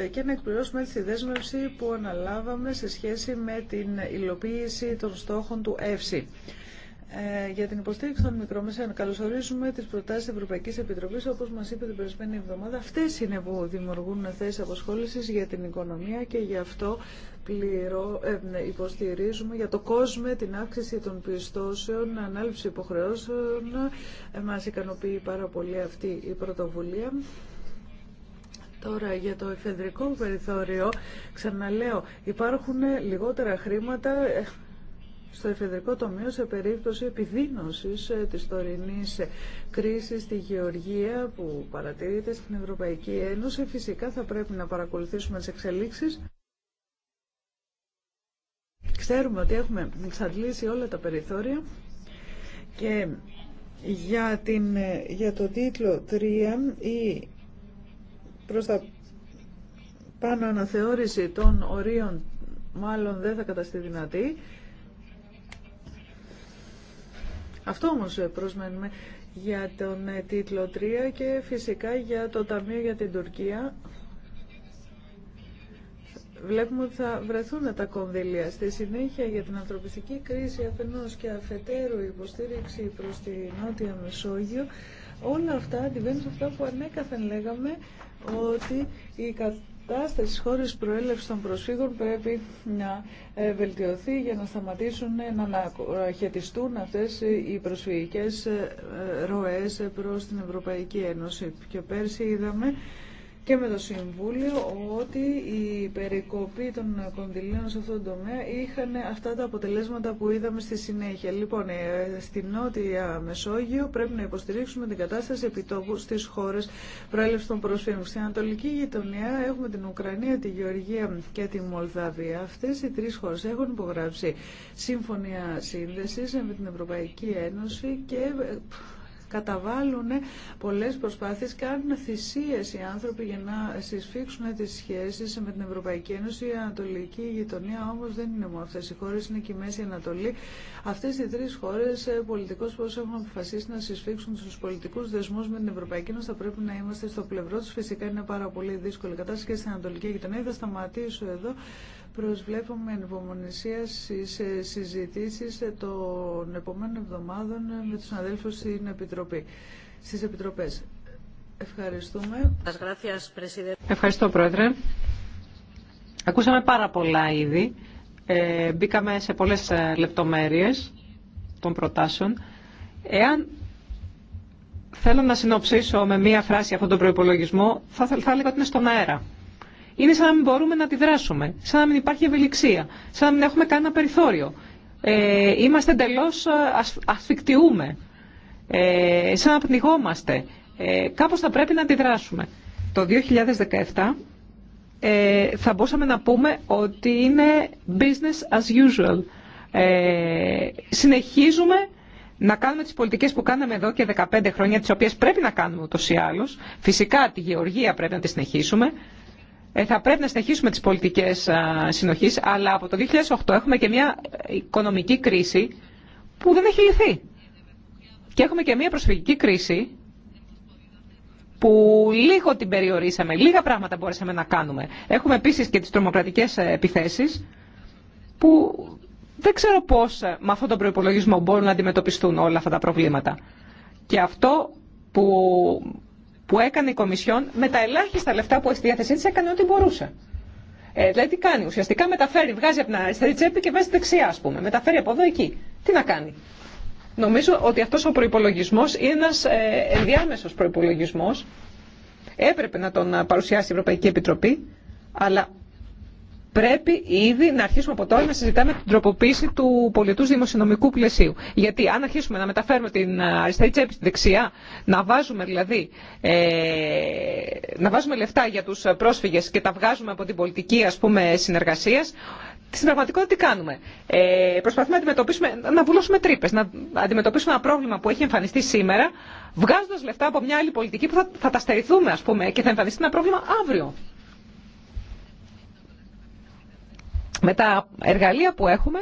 S1: ε, και να εκπληρώσουμε τη δέσμευση που αναλάβαμε σε σχέση με την υλοποίηση των στόχων του ΕΦΣΥ. Ε, για την υποστήριξη των μικρομεσαίων. Καλωσορίζουμε τι προτάσει τη Ευρωπαϊκή Επιτροπή. Όπω μα είπε την περασμένη εβδομάδα, αυτέ είναι που δημιουργούν θέσει αποσχόληση για την οικονομία και γι' αυτό πληρώ, ε, υποστηρίζουμε για το κόσμο την αύξηση των πιστώσεων, ανάληψη υποχρεώσεων. Ε, μα ικανοποιεί πάρα πολύ αυτή η πρωτοβουλία. Τώρα για το εφεδρικό περιθώριο, ξαναλέω, υπάρχουν λιγότερα χρήματα ε, στο εφεδρικό τομείο σε περίπτωση επιδείνωσης ε, της τωρινής ε, κρίσης στη γεωργία που παρατηρείται στην Ευρωπαϊκή Ένωση. Φυσικά θα πρέπει να παρακολουθήσουμε τις εξελίξεις. Ξέρουμε ότι έχουμε εξαντλήσει όλα τα περιθώρια και για, την, ε, για το τίτλο 3 ή προς τα πάνω αναθεώρηση των ορίων μάλλον δεν θα καταστεί δυνατή. Αυτό όμως προσμένουμε για τον ε, τίτλο 3 και φυσικά για το Ταμείο για την Τουρκία. Βλέπουμε ότι θα βρεθούν τα κονδύλια. Στη συνέχεια για την ανθρωπιστική κρίση αφενός και αφετέρου υποστήριξη προς τη Νότια Μεσόγειο, όλα αυτά αντιβαίνουν σε αυτά που ανέκαθεν λέγαμε ότι η κατάσταση στις χώρες προέλευσης των προσφύγων πρέπει να ε, βελτιωθεί για να σταματήσουν ε, να αναχαιτιστούν αυτές οι προσφυγικές ε, ροές προς την Ευρωπαϊκή Ένωση. Και πέρσι είδαμε και με το Συμβούλιο ότι η περικοπή των κονδυλίων σε αυτό το τομέα είχαν αυτά τα αποτελέσματα που είδαμε στη συνέχεια. Λοιπόν, ε, στη Νότια Μεσόγειο πρέπει να υποστηρίξουμε την κατάσταση επιτόπου στις χώρες προέλευση των προσφύγων. Στην Ανατολική Γειτονιά έχουμε την Ουκρανία, τη Γεωργία και τη Μολδαβία. Αυτέ οι τρει χώρε έχουν υπογράψει σύμφωνια σύνδεση με την Ευρωπαϊκή Ένωση και ε, καταβάλουν πολλές προσπάθειες, κάνουν θυσίες οι άνθρωποι για να συσφίξουν τις σχέσεις με την Ευρωπαϊκή Ένωση. Η Ανατολική γειτονία όμως δεν είναι μόνο αυτές οι χώρες, είναι και η Μέση Ανατολή. Αυτές οι τρεις χώρες ε, πολιτικώς πώς έχουν αποφασίσει να συσφίξουν τους πολιτικούς δεσμούς με την Ευρωπαϊκή Ένωση θα πρέπει να είμαστε στο πλευρό τους. Φυσικά είναι πάρα πολύ δύσκολη κατάσταση και στην Ανατολική γειτονία. Θα σταματήσω εδώ. Προσβλέπουμε ενυπομονησία στις ε, συζητήσεις ε, των επόμενων εβδομάδων ε, με τους αδέλφους στην Επιτροπή, στις Επιτροπές. Ευχαριστούμε.
S2: Ευχαριστώ, Πρόεδρε. Ακούσαμε πάρα πολλά ήδη. Ε, μπήκαμε σε πολλές λεπτομέρειες των προτάσεων. Εάν θέλω να συνοψίσω με μία φράση αυτόν τον προϋπολογισμό, θα, θα έλεγα ότι είναι στον αέρα είναι σαν να μην μπορούμε να αντιδράσουμε, σαν να μην υπάρχει ευελιξία, σαν να μην έχουμε κανένα περιθώριο. Ε, είμαστε εντελώ ε, ασφικτιούμε, ε, σαν να πνιγόμαστε. Ε, κάπως θα πρέπει να αντιδράσουμε. Το 2017 ε, θα μπορούσαμε να πούμε ότι είναι business as usual. Ε, συνεχίζουμε να κάνουμε τις πολιτικές που κάναμε εδώ και 15 χρόνια, τις οποίες πρέπει να κάνουμε ούτως ή άλλως. Φυσικά τη γεωργία πρέπει να τη συνεχίσουμε. Ε, θα πρέπει να συνεχίσουμε τις πολιτικές συνοχής, αλλά από το 2008 έχουμε και μια οικονομική κρίση που δεν έχει λυθεί. Και έχουμε και μια προσφυγική κρίση που λίγο την περιορίσαμε, λίγα πράγματα μπορέσαμε να κάνουμε. Έχουμε επίσης και τις τρομοκρατικές ε, επιθέσεις που δεν ξέρω πώς ε, με αυτόν τον προϋπολογισμό μπορούν να αντιμετωπιστούν όλα αυτά τα προβλήματα. Και αυτό που που έκανε η Κομισιόν με τα ελάχιστα λεφτά που στη διάθεσή τη έκανε ό,τι μπορούσε. Ε, δηλαδή τι κάνει, ουσιαστικά μεταφέρει, βγάζει από την αριστερή τσέπη και βάζει δεξιά, α πούμε. Μεταφέρει από εδώ εκεί. Τι να κάνει. Νομίζω ότι αυτός ο προϋπολογισμός είναι ένας ε, ενδιάμεσο προϋπολογισμός. Έπρεπε να τον ε, παρουσιάσει η Ευρωπαϊκή Επιτροπή, αλλά πρέπει ήδη να αρχίσουμε από τώρα να συζητάμε την τροποποίηση του πολιτού δημοσιονομικού πλαισίου. Γιατί αν αρχίσουμε να μεταφέρουμε την ε, αριστερή τσέπη στη δεξιά, να βάζουμε δηλαδή ε, να βάζουμε λεφτά για τους πρόσφυγες και τα βγάζουμε από την πολιτική ας πούμε συνεργασίας, στην πραγματικότητα τι κάνουμε. Ε, προσπαθούμε να αντιμετωπίσουμε, να βουλώσουμε τρύπε, να αντιμετωπίσουμε ένα πρόβλημα που έχει εμφανιστεί σήμερα, βγάζοντα λεφτά από μια άλλη πολιτική που θα, θα τα στερηθούμε, πούμε, και θα εμφανιστεί ένα πρόβλημα αύριο. με τα εργαλεία που έχουμε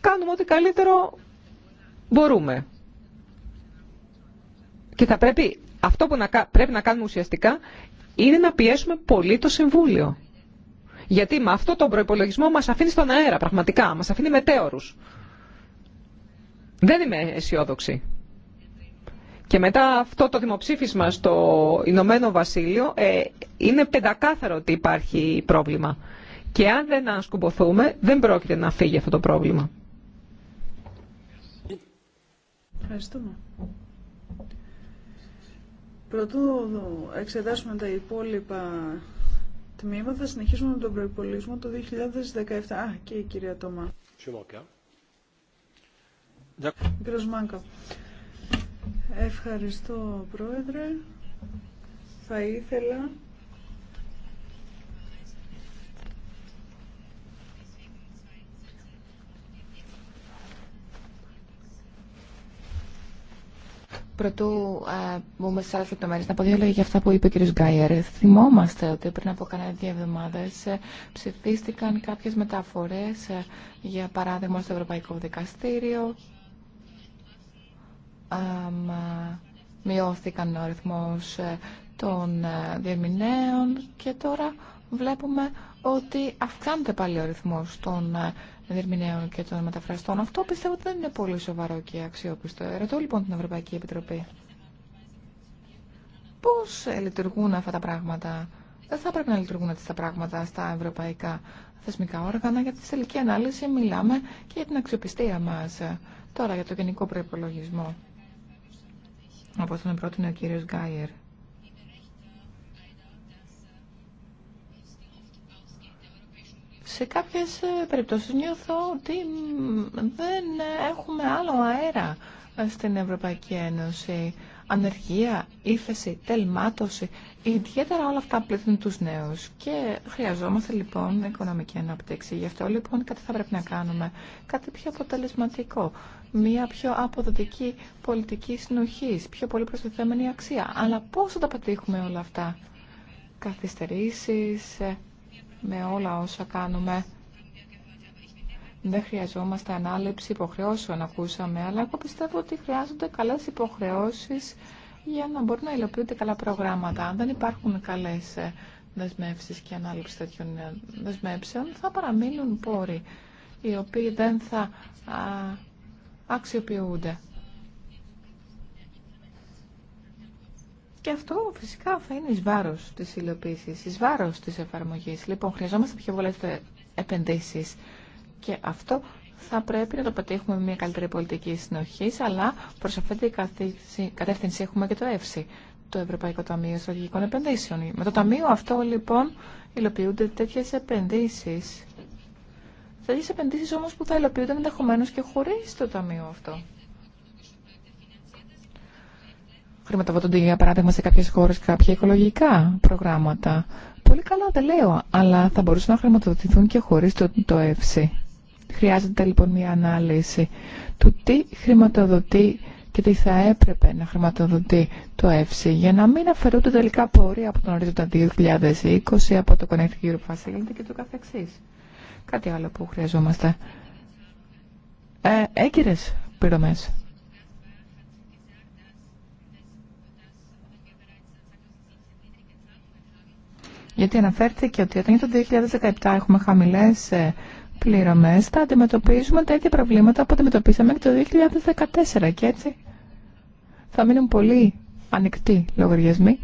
S2: κάνουμε ό,τι καλύτερο μπορούμε. Και θα πρέπει, αυτό που να, πρέπει να κάνουμε ουσιαστικά είναι να πιέσουμε πολύ το Συμβούλιο. Γιατί με αυτό τον προπολογισμό μας αφήνει στον αέρα πραγματικά, μας αφήνει μετέωρους. Δεν είμαι αισιόδοξη. Και μετά αυτό το δημοψήφισμα στο Ηνωμένο Βασίλειο ε, είναι πεντακάθαρο ότι υπάρχει πρόβλημα. Και αν δεν ανασκουμποθούμε, δεν πρόκειται να φύγει αυτό το πρόβλημα.
S1: Ευχαριστούμε. Πρωτού εξετάσουμε τα υπόλοιπα τμήματα, θα συνεχίσουμε με τον προϋπολογισμό του 2017. Α, και η κυρία Τόμα. Κύριος Μάνκα. Ευχαριστώ, Πρόεδρε. Θα ήθελα
S3: Πρωτού ε, μπούμε σε άλλε λεπτομέρειε, να πω δύο λόγια για αυτά που είπε ο κ. Γκάιερ. Θυμόμαστε ότι πριν από κανένα δύο εβδομάδε ε, ψηφίστηκαν κάποιε μεταφορέ, ε, για παράδειγμα στο Ευρωπαϊκό Δικαστήριο. Μειώθηκαν ο αριθμό των διερμηνέων και τώρα βλέπουμε ότι αυξάνεται πάλι ο αριθμό των δερμηνέων και των μεταφραστών. Αυτό πιστεύω ότι δεν είναι πολύ σοβαρό και αξιόπιστο. Ρωτώ λοιπόν την Ευρωπαϊκή Επιτροπή. Πώς ε, λειτουργούν αυτά τα πράγματα. Δεν θα πρέπει να λειτουργούν αυτά τα πράγματα στα ευρωπαϊκά θεσμικά όργανα, γιατί στη τελική ανάλυση μιλάμε και για την αξιοπιστία μα Τώρα για το γενικό προπολογισμό, Όπω τον πρότεινε ο κύριο Γκάιερ. σε κάποιες ε, περιπτώσεις νιώθω ότι δεν έχουμε άλλο αέρα ε, στην Ευρωπαϊκή Ένωση. Ανεργία, ύφεση, τελμάτωση, ιδιαίτερα όλα αυτά πλήττουν τους νέους και χρειαζόμαστε λοιπόν οικονομική αναπτύξη. Γι' αυτό λοιπόν κάτι θα πρέπει να κάνουμε, κάτι πιο αποτελεσματικό, μια πιο αποδοτική πολιτική συνοχή, πιο πολύ προστιθέμενη αξία. Αλλά πώς θα τα πετύχουμε όλα αυτά, καθυστερήσεις, ε, με όλα όσα κάνουμε. Δεν χρειαζόμαστε ανάληψη υποχρεώσεων, ακούσαμε, αλλά εγώ πιστεύω ότι χρειάζονται καλές υποχρεώσεις για να μπορούν να υλοποιούνται καλά προγράμματα. Αν δεν υπάρχουν καλές ε, δεσμεύσεις και ανάληψη τέτοιων ε, δεσμεύσεων, θα παραμείνουν πόροι, οι οποίοι δεν θα αξιοποιούνται. Και αυτό φυσικά θα είναι ει βάρο της υλοποίησης, ει βάρο της εφαρμογής. Λοιπόν, χρειαζόμαστε πιο πολλέ επενδύσει. και αυτό θα πρέπει να το πετύχουμε με μια καλύτερη πολιτική συνοχή, αλλά προ αυτή την κατεύθυνση έχουμε και το ΕΦΣΥ, το Ευρωπαϊκό Ταμείο Στρατηγικών Επενδύσεων. Με το Ταμείο αυτό λοιπόν υλοποιούνται τέτοιε επενδύσει. Τέτοιε επενδύσεις όμω που θα υλοποιούνται ενδεχομένω και χωρί το Ταμείο αυτό. χρηματοδοτούνται για παράδειγμα σε κάποιες χώρες κάποια οικολογικά προγράμματα. Πολύ καλά τα λέω, αλλά θα μπορούσαν να χρηματοδοτηθούν και χωρίς το, το ΕΦΣΥ. Χρειάζεται λοιπόν μια ανάλυση του τι χρηματοδοτεί και τι θα έπρεπε να χρηματοδοτεί το ΕΦΣΥ για να μην αφαιρούνται τελικά πόροι από τον ορίζοντα 2020, από το Connect Europe Facility και το καθεξής. Κάτι άλλο που χρειαζόμαστε. Ε, έγκυρες Γιατί αναφέρθηκε ότι όταν το 2017 έχουμε χαμηλές ε, πληρωμές, θα αντιμετωπίζουμε τα ίδια προβλήματα που αντιμετωπίσαμε και το 2014 και έτσι θα μείνουν πολύ ανοιχτοί λογαριασμοί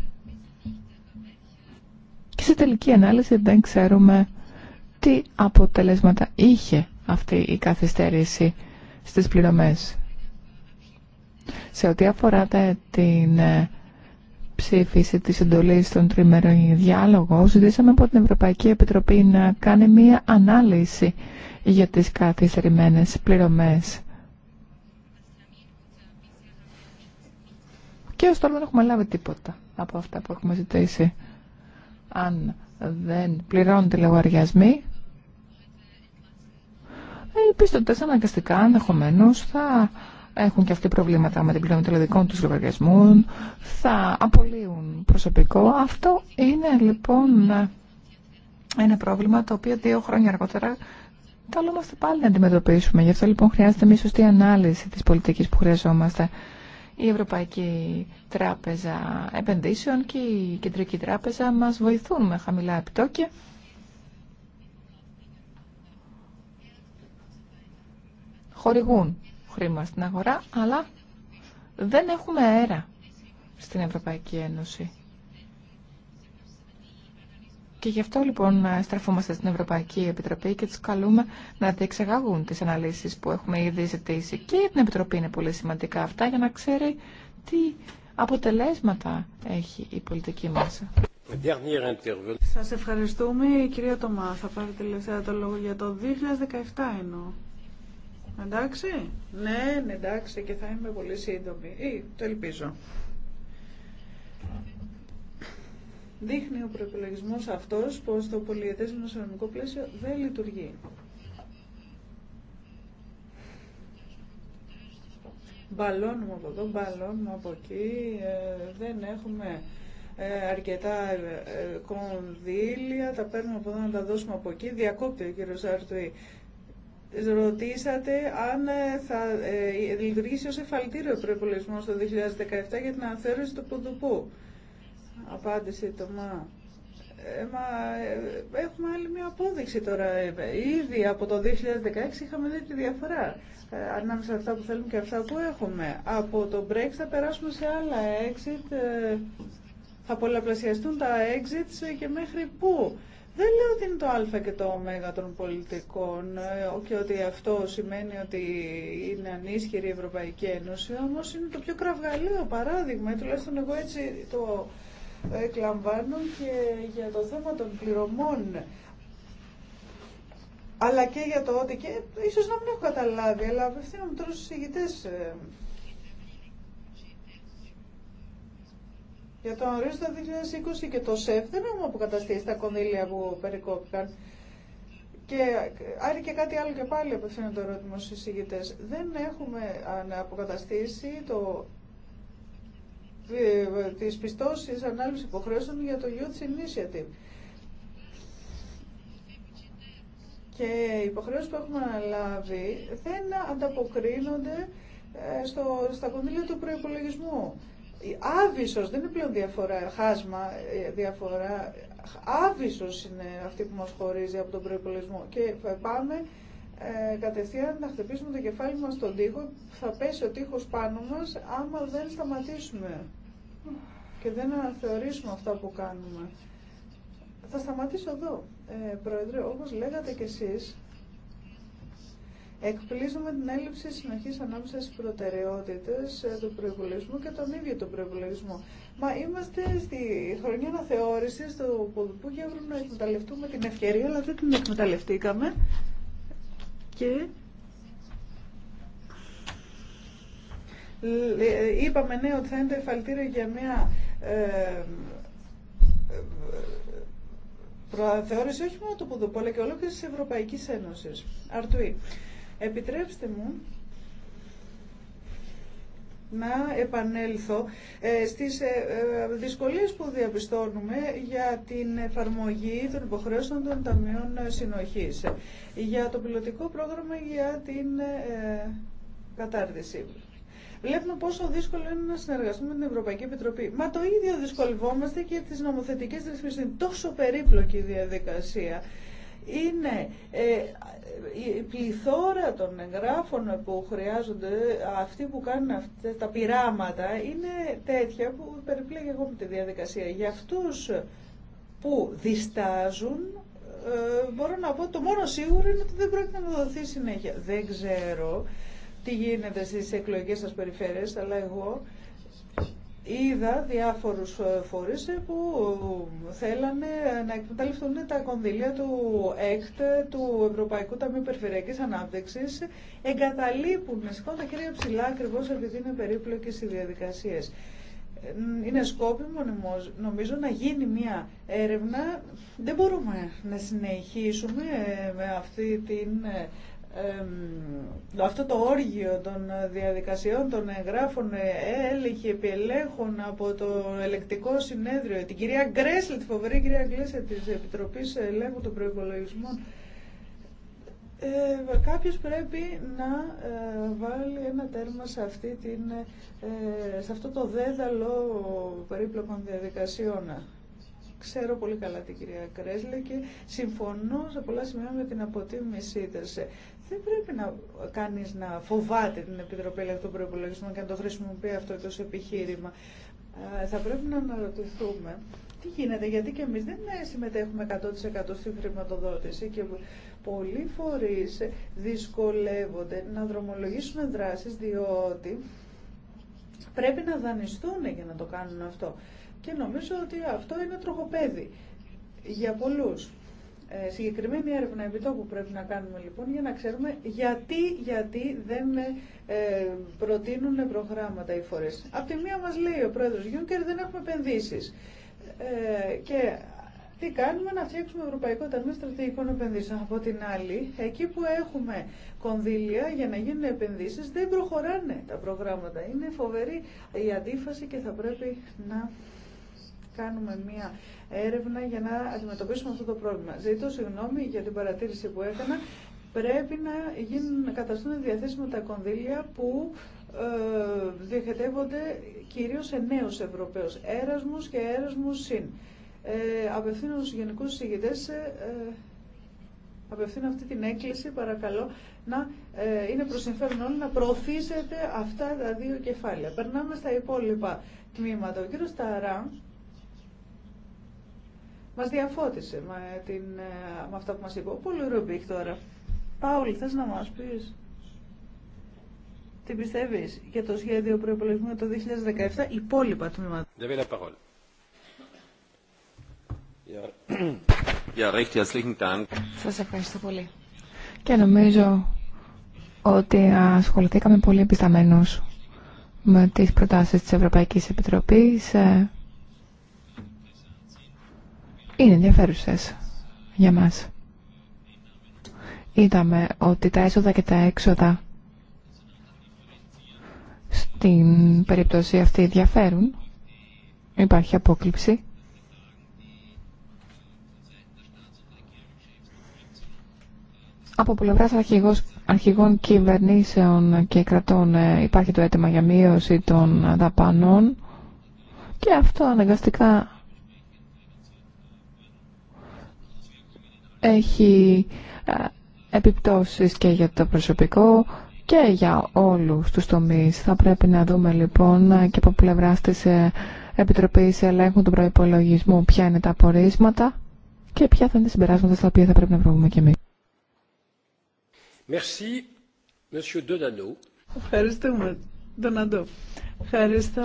S3: και σε τελική ανάλυση δεν ξέρουμε τι αποτελέσματα είχε αυτή η καθυστέρηση στις πληρωμές. Σε ό,τι αφορά την ε, ψήφιση τη συντολή των τριμερών διάλογων, ζητήσαμε από την Ευρωπαϊκή Επιτροπή να κάνει μία ανάλυση για τις καθυστερημένες πληρωμέ. Και ως τώρα δεν έχουμε λάβει τίποτα από αυτά που έχουμε ζητήσει. Αν δεν πληρώνονται λογαριασμοί, οι πιστωτές αναγκαστικά ενδεχομένω θα έχουν και αυτοί προβλήματα με την πληρωμή των λογικών τους λογαριασμών, θα απολύουν προσωπικό. Αυτό είναι λοιπόν ένα πρόβλημα το οποίο δύο χρόνια αργότερα καλούμαστε πάλι να αντιμετωπίσουμε. Γι' αυτό λοιπόν χρειάζεται μια σωστή ανάλυση της πολιτικής που χρειαζόμαστε. Η Ευρωπαϊκή Τράπεζα Επενδύσεων και η Κεντρική Τράπεζα μας βοηθούν με χαμηλά επιτόκια. Χορηγούν χρήμα στην αγορά, αλλά δεν έχουμε αέρα στην Ευρωπαϊκή Ένωση. Και γι' αυτό λοιπόν στραφούμαστε στην Ευρωπαϊκή Επιτροπή και τους καλούμε να διεξεγαγούν τις αναλύσεις που έχουμε ήδη ζητήσει. Και την Επιτροπή είναι πολύ σημαντικά αυτά για να ξέρει τι αποτελέσματα έχει η πολιτική μας.
S1: Σας ευχαριστούμε. Η κυρία Τωμά θα πάρει τελευταία το λόγο για το 2017 εννοώ. Εντάξει. Ναι, ναι, εντάξει και θα είμαι πολύ σύντομη. Ή, ε, το ελπίζω. Δείχνει ο προπολογισμό αυτός πως το πολιετές δημοσιονομικό πλαίσιο δεν λειτουργεί. Μπαλώνουμε από εδώ, μπαλώνουμε από εκεί, ε, δεν έχουμε ε, αρκετά κονδύλια, τα παίρνουμε από εδώ να τα δώσουμε από εκεί. Διακόπτει ο κύριος Αρτουή. Ρωτήσατε αν ε, θα ε, λειτουργήσει ως εφαλτήριο ο προπολογισμό το 2017 για την αναθεώρηση του Ποντοπού. Απάντησε το ΜΑ. Ε, μα, έχουμε άλλη μια απόδειξη τώρα. Ήδη από το 2016 είχαμε δει τη διαφορά ανάμεσα αυτά που θέλουμε και αυτά που έχουμε. Από το Brexit θα περάσουμε σε άλλα exit. θα πολλαπλασιαστούν τα exits και μέχρι πού. Δεν λέω ότι είναι το α και το ω των πολιτικών ε, και ότι αυτό σημαίνει ότι είναι ανίσχυρη η Ευρωπαϊκή Ένωση, όμως είναι το πιο κραυγαλαίο παράδειγμα, τουλάχιστον εγώ έτσι το εκλαμβάνω και για το θέμα των πληρωμών αλλά και για το ότι και ίσως να μην έχω καταλάβει, αλλά απευθύνομαι τώρα στους ηγητές ε, Για τον ορίζοντα 2020 και το ΣΕΦ δεν έχουμε αποκαταστήσει τα κονδύλια που περικόπηκαν. Και άρα και κάτι άλλο και πάλι απευθύνω το ερώτημα στου εισηγητές. Δεν έχουμε αποκαταστήσει το ε, τις πιστώσεις ανάλυσης υποχρέωσεων για το Youth Initiative. Και οι υποχρεώσεις που έχουμε αναλάβει δεν ανταποκρίνονται ε, στο, στα κονδύλια του προπολογισμού άβυσος, δεν είναι πλέον διαφορά, χάσμα, ε, διαφορά, άβυσος είναι αυτή που μας χωρίζει από τον προϋπολογισμό και πάμε ε, κατευθείαν να χτυπήσουμε το κεφάλι μας στον τοίχο, θα πέσει ο τοίχος πάνω μας άμα δεν σταματήσουμε και δεν αναθεωρήσουμε αυτά που κάνουμε. Θα σταματήσω εδώ, ε, Πρόεδρε, όπως λέγατε κι εσείς, Εκπλήσουμε την έλλειψη συνοχή ανάμεσα στι προτεραιότητε ε, του προπολογισμού και τον ίδιο τον προπολογισμό. Μα είμαστε στη χρονιά αναθεώρηση του που και να εκμεταλλευτούμε την ευκαιρία, αλλά δεν την εκμεταλλευτήκαμε. Και ε, είπαμε ναι ότι θα είναι το εφαλτήριο για μια ε, ε, προαθεώρηση όχι μόνο του Πουδουπόλα και ολόκληρη τη Ευρωπαϊκή Ένωση. Αρτουή. Επιτρέψτε μου να επανέλθω ε, στις ε, ε, δυσκολίες που διαπιστώνουμε για την εφαρμογή των υποχρέωσεων των Ταμείων Συνοχής, για το πιλωτικό πρόγραμμα για την κατάρτιση. Βλέπουμε πόσο δύσκολο είναι να συνεργαστούμε με την Ευρωπαϊκή Επιτροπή. Μα το ίδιο δυσκολευόμαστε και τις νομοθετικές ρυθμίσεις. Είναι τόσο περίπλοκη η διαδικασία είναι ε, η πληθώρα των εγγράφων που χρειάζονται, αυτοί που κάνουν αυτά τα πειράματα, είναι τέτοια που περιπλέγει εγώ με τη διαδικασία. Για αυτούς που διστάζουν, ε, μπορώ να πω το μόνο σίγουρο είναι ότι δεν πρέπει να δοθεί συνέχεια. Δεν ξέρω τι γίνεται στις εκλογικές σας περιφέρειες, αλλά εγώ είδα διάφορους ε, φορείς ε, που ε, θέλανε να εκμεταλλευτούν τα κονδύλια του ΕΚΤ, του Ευρωπαϊκού Ταμείου Περιφερειακής Ανάπτυξης, εγκαταλείπουν, με τα κύρια ψηλά ακριβώ επειδή είναι περίπλοκες οι διαδικασίες. Είναι σκόπιμο νομίζω να γίνει μια έρευνα. Δεν μπορούμε να συνεχίσουμε με αυτή την αυτό το όργιο των διαδικασιών των εγγράφων έλεγχη επιελέγχων από το ελεκτικό συνέδριο. Την κυρία Γκρέσλε, τη φοβερή κυρία γκρέσλ της Επιτροπής Ελέγχου των Προϋπολογισμών. Ε, κάποιος πρέπει να ε, βάλει ένα τέρμα σε, αυτή την, ε, σε αυτό το δέδαλο περίπλοκων διαδικασιών. Ξέρω πολύ καλά την κυρία Κρέσλε και συμφωνώ σε πολλά σημεία με την αποτίμησή τη. Δεν πρέπει να κάνει να φοβάται την Επιτροπή Ελεκτών Προπολογισμών και να το χρησιμοποιεί αυτό το επιχείρημα. Ε, θα πρέπει να αναρωτηθούμε τι γίνεται, γιατί και εμείς δεν συμμετέχουμε 100% στη χρηματοδότηση και πολλοί φορείς δυσκολεύονται να δρομολογήσουν δράσεις διότι πρέπει να δανειστούν για να το κάνουν αυτό. Και νομίζω ότι αυτό είναι τροχοπέδι για πολλούς. Ε, συγκεκριμένη έρευνα επιτόπου πρέπει να κάνουμε λοιπόν για να ξέρουμε γιατί, γιατί δεν ε, προτείνουν προγράμματα οι φορές. Απ' τη μία μας λέει ο πρόεδρος Γιούνκερ δεν έχουμε επενδύσει. Ε, και τι κάνουμε να φτιάξουμε Ευρωπαϊκό Ταμείο Στρατηγικών Επενδύσεων. Από την άλλη, εκεί που έχουμε κονδύλια για να γίνουν επενδύσει, δεν προχωράνε τα προγράμματα. Είναι φοβερή η αντίφαση και θα πρέπει να κάνουμε μία έρευνα για να αντιμετωπίσουμε αυτό το πρόβλημα. Ζητώ συγγνώμη για την παρατήρηση που έκανα. Πρέπει να, γίνουν, καταστούν διαθέσιμα τα κονδύλια που ε, διοχετεύονται κυρίως σε νέου Ευρωπαίου Έρασμου και έρασμου συν. Ε, απευθύνω στους γενικούς συγγητές, ε, απευθύνω αυτή την έκκληση, παρακαλώ, να ε, είναι προσυμφέρον όλοι να προωθήσετε αυτά τα δύο κεφάλαια. Περνάμε στα υπόλοιπα τμήματα. Ο κύριος Ταρά Μα διαφώτισε με, την, ε, με αυτά που μα είπε. Ο ρομπίχ τώρα. Πάολη, θε να μα πει. Τι πιστεύει για το σχέδιο προπολογισμού το 2017, υπόλοιπα τμήματα.
S2: Δεν
S3: Σας ευχαριστώ πολύ. Και νομίζω ότι ασχοληθήκαμε πολύ επισταμένως με τις προτάσεις της Ευρωπαϊκής Επιτροπής ε, είναι ενδιαφέρουσε για μας. Είδαμε ότι τα έσοδα και τα έξοδα στην περίπτωση αυτή διαφέρουν. Υπάρχει απόκληψη. Από πλευρά αρχηγών κυβερνήσεων και κρατών ε, υπάρχει το αίτημα για μείωση των δαπανών και αυτό αναγκαστικά έχει ε, επιπτώσεις και για το προσωπικό και για όλους τους τομείς. Θα πρέπει να δούμε λοιπόν και από πλευρά τη ε, επιτροπή Ελέγχου του Προϋπολογισμού ποια είναι τα απορίσματα και ποια θα είναι τα συμπεράσματα στα οποία θα πρέπει να βρούμε και εμείς.
S1: Merci, Monsieur Ευχαριστούμε, Donado. Ευχαριστώ,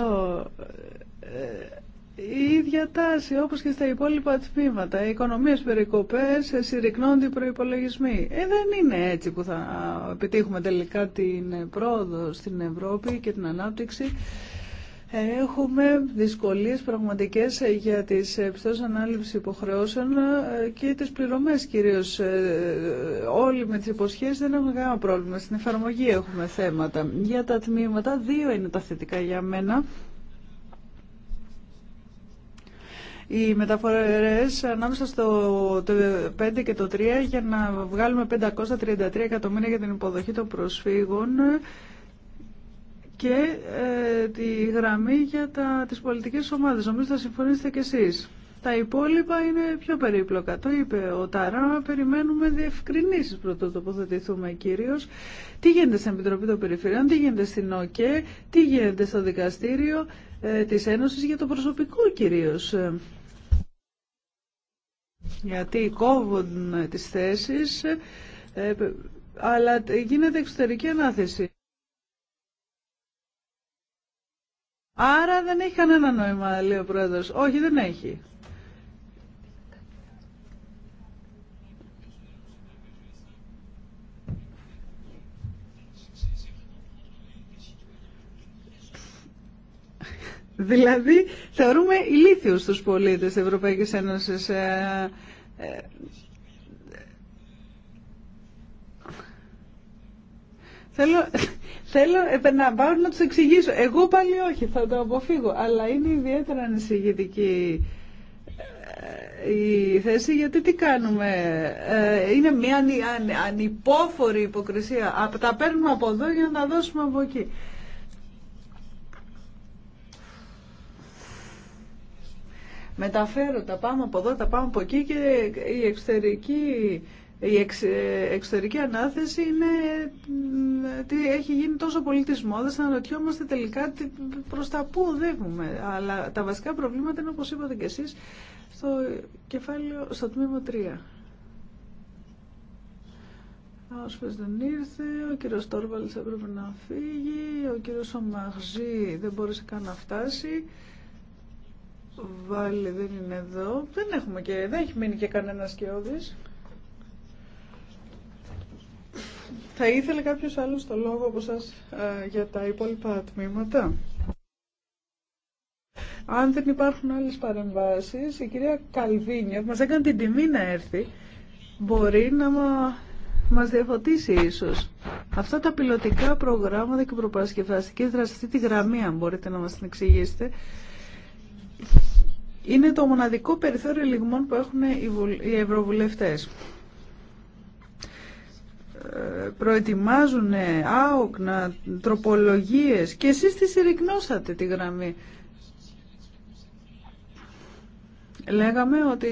S1: ε, η ίδια τάση όπως και στα υπόλοιπα τμήματα. Οι οικονομίες περικοπές, συρρυκνώνται οι προϋπολογισμοί. Ε, δεν είναι έτσι που θα επιτύχουμε τελικά την πρόοδο στην Ευρώπη και την ανάπτυξη. Έχουμε δυσκολίες πραγματικές για τις πιστώσεις ανάληψη υποχρεώσεων και τις πληρωμές κυρίως. Ε, όλοι με τις υποσχέσεις δεν έχουμε κανένα πρόβλημα. Στην εφαρμογή έχουμε θέματα. Για τα τμήματα, δύο είναι τα θετικά για μένα. οι μεταφορές ανάμεσα στο το 5 και το 3 για να βγάλουμε 533 εκατομμύρια για την υποδοχή των προσφύγων και ε, τη γραμμή για τα, τις πολιτικές ομάδες. Νομίζω θα συμφωνήσετε κι εσείς. Τα υπόλοιπα είναι πιο περίπλοκα. Το είπε ο Ταρά, περιμένουμε διευκρινήσεις πρωτού τοποθετηθούμε κυρίω. Τι γίνεται στην Επιτροπή των Περιφερειών, τι γίνεται στην ΟΚΕ, τι γίνεται στο δικαστήριο, ε, της Ένωσης για το προσωπικό κυρίως. Ε, γιατί κόβουν ε, τις θέσεις, αλλά γίνεται εξωτερική ανάθεση. Άρα δεν έχει κανένα νόημα, λέει ο πρόεδρος. Όχι, δεν έχει. Δηλαδή θεωρούμε ηλίθιους τους πολίτες της Ευρωπαϊκής Ένωσης. Ε, ε, θέλω, θέλω να πάω να τους εξηγήσω. Εγώ πάλι όχι, θα το αποφύγω. Αλλά είναι ιδιαίτερα ανησυχητική ε, η θέση γιατί τι κάνουμε. Είναι μια ανυπόφορη υποκρισία. Τα παίρνουμε από εδώ για να τα δώσουμε από εκεί. μεταφέρω τα πάμε από εδώ, τα πάμε από εκεί και η εξωτερική, η ε, εξωτερική ανάθεση είναι ότι έχει γίνει τόσο πολύ της μόδας, αναρωτιόμαστε τελικά προ προς τα πού οδεύουμε. Αλλά τα βασικά προβλήματα είναι όπως είπατε και εσείς στο κεφάλαιο, στο τμήμα 3. Ο Σφες δεν ήρθε, ο κύριος Τόρβαλς έπρεπε να φύγει, ο κύριος Σομαχζή δεν μπόρεσε καν να φτάσει. Βάλει δεν είναι εδώ. Δεν έχουμε και... Δεν έχει μείνει και κανένα σκιώδης. Θα ήθελε κάποιος άλλος το λόγο από σας για τα υπόλοιπα τμήματα. Αν δεν υπάρχουν άλλες παρεμβάσεις, η κυρία Καλβίνια, που μας έκανε την τιμή να έρθει, μπορεί να μας διαφωτίσει ίσως. Αυτά τα πιλωτικά προγράμματα και προπαρασκευαστικές δραστηριότητα τη γραμμή, αν μπορείτε να μας την εξηγήσετε, είναι το μοναδικό περιθώριο λιγμών που έχουν οι ευρωβουλευτές. Ε, Προετοιμάζουν άοκνα, τροπολογίες και εσείς τη συρρυκνώσατε τη γραμμή. Λέγαμε ότι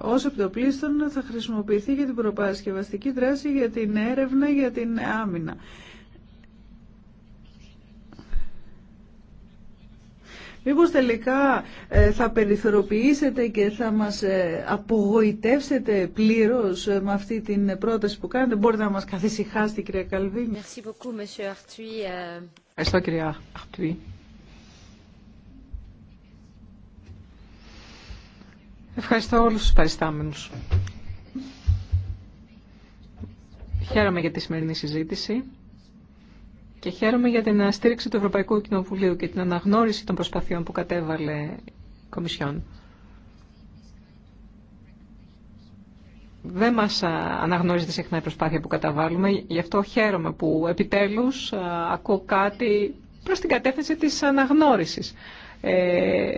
S1: ως επιτοπλίστων θα χρησιμοποιηθεί για την προπαρασκευαστική δράση, για την έρευνα, για την άμυνα. Μήπως τελικά ε, θα περιθωροποιήσετε και θα μας ε, απογοητεύσετε πλήρως ε, με αυτή την πρόταση που κάνετε. Μπορείτε να μας καθησυχάσετε κυρία Καλβίνη. Ευχαριστώ κυρία Αρτουή.
S2: Ευχαριστώ όλους τους παριστάμενους. Χαίρομαι για τη σημερινή συζήτηση. Και χαίρομαι για την στήριξη του Ευρωπαϊκού Κοινοβουλίου και την αναγνώριση των προσπαθειών που κατέβαλε η Κομισιόν. Δεν μας αναγνωρίζεται συχνά η προσπάθεια που καταβάλουμε, γι' αυτό χαίρομαι που επιτέλους ακούω κάτι προς την κατεύθυνση της αναγνώρισης ε,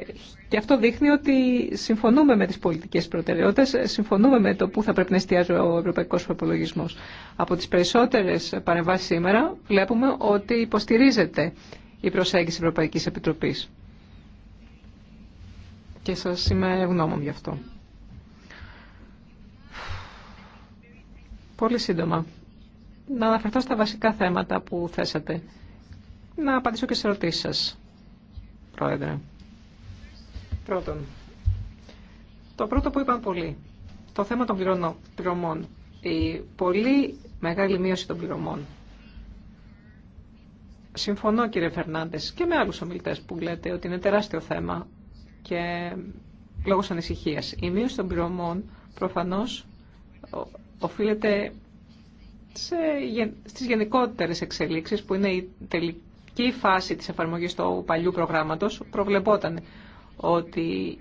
S2: και αυτό δείχνει ότι συμφωνούμε με τις πολιτικές προτεραιότητες, συμφωνούμε με το πού θα πρέπει να εστιάζει ο ευρωπαϊκός προπολογισμό. Από τις περισσότερες παρεμβάσεις σήμερα βλέπουμε ότι υποστηρίζεται η προσέγγιση Ευρωπαϊκής Επιτροπής. Και σας είμαι ευγνώμων γι' αυτό. Πολύ σύντομα. Να αναφερθώ στα βασικά θέματα που θέσατε. Να απαντήσω και σε ερωτήσεις σας. Πρώτον, το πρώτο που είπαν πολλοί, το θέμα των πληρωμών. Η πολύ μεγάλη μείωση των πληρωμών. Συμφωνώ κύριε Φερνάντες και με άλλους ομιλητές που λέτε ότι είναι τεράστιο θέμα και λόγος ανησυχίας. Η μείωση των πληρωμών προφανώς οφείλεται σε, στις γενικότερες εξελίξεις που είναι η τελική αρχική φάση της εφαρμογής του παλιού προγράμματος προβλεπόταν ότι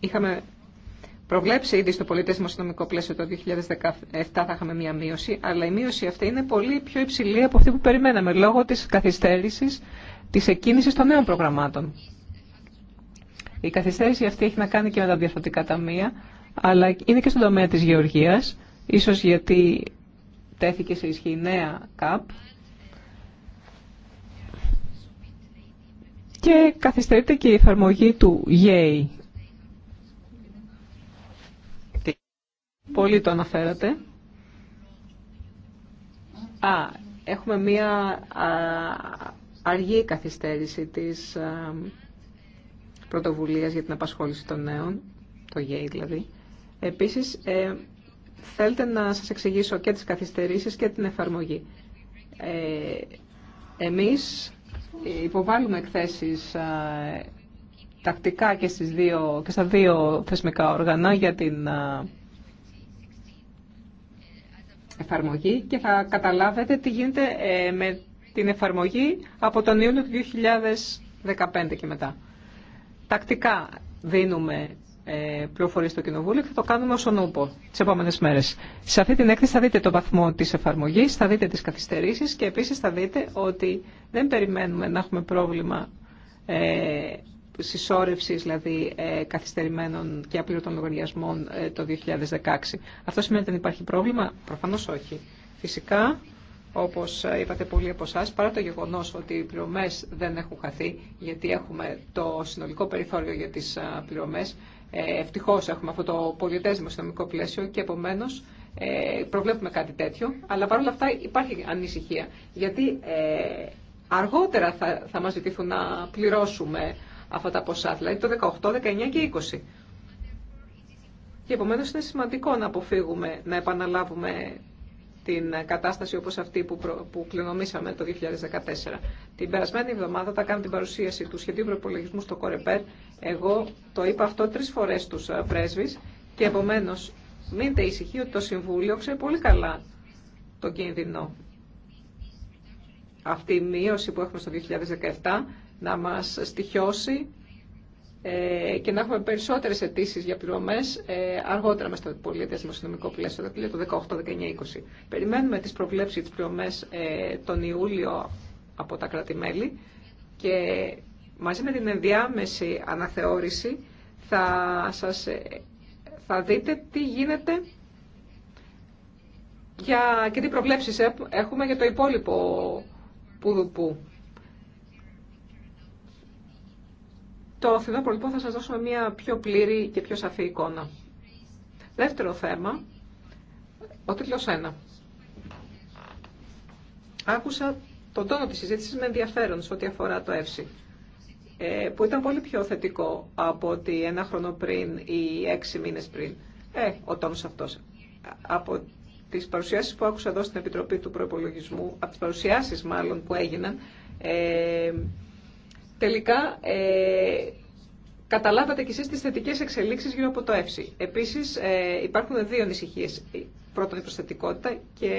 S2: είχαμε προβλέψει ήδη στο πολίτες αστυνομικό πλαίσιο το 2017 θα είχαμε μία μείωση, αλλά η μείωση αυτή είναι πολύ πιο υψηλή από αυτή που περιμέναμε λόγω της καθυστέρησης της εκκίνησης των νέων προγραμμάτων. Η καθυστέρηση αυτή έχει να κάνει και με τα διαφορετικά ταμεία, αλλά είναι και στον τομέα της γεωργίας, ίσως γιατί τέθηκε σε ισχύ η νέα ΚΑΠ και καθυστερείται και η εφαρμογή του ΓΕΙ. Πολύ το αναφέρατε. Α, έχουμε μία αργή καθυστέρηση της πρωτοβουλίας για την απασχόληση των νέων, το ΓΕΙ δηλαδή. Επίσης, ε, θέλετε να σας εξηγήσω και τις καθυστερήσεις και την εφαρμογή. Ε, εμείς υποβάλλουμε εκθέσεις ε, τακτικά και, στις δύο, και στα δύο θεσμικά όργανα για την ε, εφαρμογή και θα καταλάβετε τι γίνεται ε, με την εφαρμογή από τον Ιούνιο του 2015 και μετά. Τακτικά δίνουμε ε, πληροφορίε στο Κοινοβούλιο και θα το κάνουμε όσον ούπο τι επόμενε μέρε. Σε αυτή την έκθεση θα δείτε το βαθμό τη εφαρμογή, θα δείτε τι καθυστερήσει και επίση θα δείτε ότι δεν περιμένουμε να έχουμε πρόβλημα ε, συσσόρευση δηλαδή ε, καθυστερημένων και απλήρωτων λογαριασμών ε, το 2016. Αυτό σημαίνει ότι δεν υπάρχει πρόβλημα. Προφανώ όχι. Φυσικά όπω ε, είπατε πολλοί από εσά, παρά το γεγονό ότι οι πληρωμέ δεν έχουν χαθεί, γιατί έχουμε το συνολικό περιθώριο για τι ε, πληρωμέ, ε, Ευτυχώ έχουμε αυτό το πολιτέ δημοσιονομικό πλαίσιο και επομένω ε, προβλέπουμε κάτι τέτοιο. Αλλά παρόλα αυτά υπάρχει ανησυχία. Γιατί ε, αργότερα θα, θα μα ζητηθούν να πληρώσουμε αυτά τα ποσά, δηλαδή το 18, 19 και 20. Και επομένως είναι σημαντικό να αποφύγουμε να επαναλάβουμε την κατάσταση όπως αυτή που, προ, που κληρονομήσαμε το 2014. Την περασμένη εβδομάδα θα κάνω την παρουσίαση του σχεδίου προπολογισμού στο Κορεπέρ, εγώ το είπα αυτό τρεις φορές στους ε, πρέσβεις και επομένως μείνετε ησυχοί ότι το Συμβούλιο ξέρει πολύ καλά το κίνδυνο. Αυτή η μείωση που έχουμε στο 2017 να μας στοιχιώσει ε, και να έχουμε περισσότερε αιτήσει για πληρωμέ ε, αργότερα με στο πολιτισμο συνομικό πλαίσιο, δηλαδή το 18-19-20. Περιμένουμε τι προβλέψει τι πληρωμέ ε, τον Ιούλιο από τα κράτη-μέλη και μαζί με την ενδιάμεση αναθεώρηση θα, σας, θα δείτε τι γίνεται για, και τι προβλέψεις έχουμε για το υπόλοιπο πουδουπού. Το φθινόπωρο λοιπόν θα σας δώσουμε μια πιο πλήρη και πιο σαφή εικόνα. Δεύτερο θέμα, ο τίτλος 1. Άκουσα τον τόνο της συζήτησης με ενδιαφέρον σε ό,τι αφορά το ΕΦΣΥ, που ήταν πολύ πιο θετικό από ότι ένα χρόνο πριν ή έξι μήνες πριν. Ε, ο τόνος αυτός. Από τις παρουσιάσεις που άκουσα εδώ στην Επιτροπή του Προπολογισμού, από τις παρουσιάσεις μάλλον που έγιναν, ε, τελικά ε, καταλάβατε κι εσείς τις θετικές εξελίξεις γύρω από το ΕΦΣΥ. Επίσης ε, υπάρχουν δύο ανησυχίε. Πρώτον η προσθετικότητα και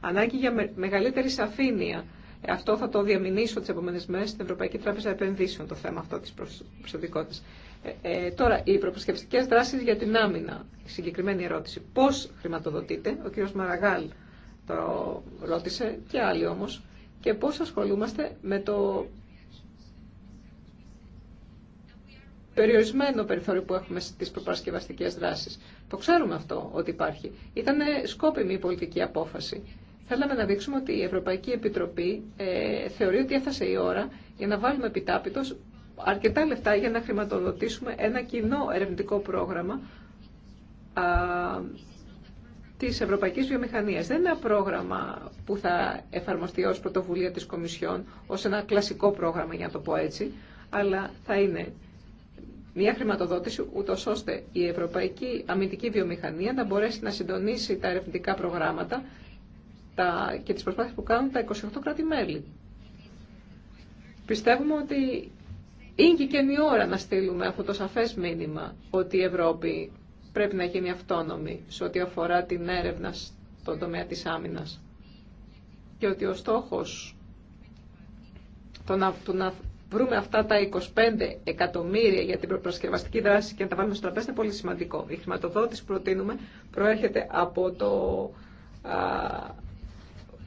S2: ανάγκη για μεγαλύτερη σαφήνεια. Ε, αυτό θα το διαμηνήσω τις επόμενες μέρες στην Ευρωπαϊκή Τράπεζα Επενδύσεων, το θέμα αυτό της προσθετικότητας. Ε, τώρα, οι προπροσκευαστικέ δράσει για την άμυνα. Συγκεκριμένη ερώτηση. Πώ χρηματοδοτείτε, ο κ. Μαραγάλ το ρώτησε και άλλοι όμω, και πώ ασχολούμαστε με το περιορισμένο περιθώριο που έχουμε στις προπαρασκευαστικές δράσεις. Το ξέρουμε αυτό ότι υπάρχει. Ήταν σκόπιμη η πολιτική απόφαση. Θέλαμε να δείξουμε ότι η Ευρωπαϊκή Επιτροπή ε, θεωρεί ότι έφτασε η ώρα για να βάλουμε επιτάπητος αρκετά λεφτά για να χρηματοδοτήσουμε ένα κοινό ερευνητικό πρόγραμμα α, της Ευρωπαϊκής Βιομηχανίας. Δεν είναι ένα πρόγραμμα που θα εφαρμοστεί ως πρωτοβουλία της Κομισιόν, ως ένα κλασικό πρόγραμμα για να το πω έτσι, αλλά θα είναι μια χρηματοδότηση ούτω ώστε η ευρωπαϊκή αμυντική βιομηχανία να μπορέσει να συντονίσει τα ερευνητικά προγράμματα τα, και τις προσπάθειες που κάνουν τα 28 κράτη-μέλη. Πιστεύουμε ότι είναι και η ώρα να στείλουμε αυτό το σαφές μήνυμα ότι η Ευρώπη πρέπει να γίνει αυτόνομη σε ό,τι αφορά την έρευνα στον τομέα της άμυνας και ότι ο στόχος να, βρούμε αυτά τα 25 εκατομμύρια για την προσκευαστική δράση και να τα βάλουμε στο τραπέζι είναι πολύ σημαντικό. Η χρηματοδότηση που προτείνουμε προέρχεται από το α,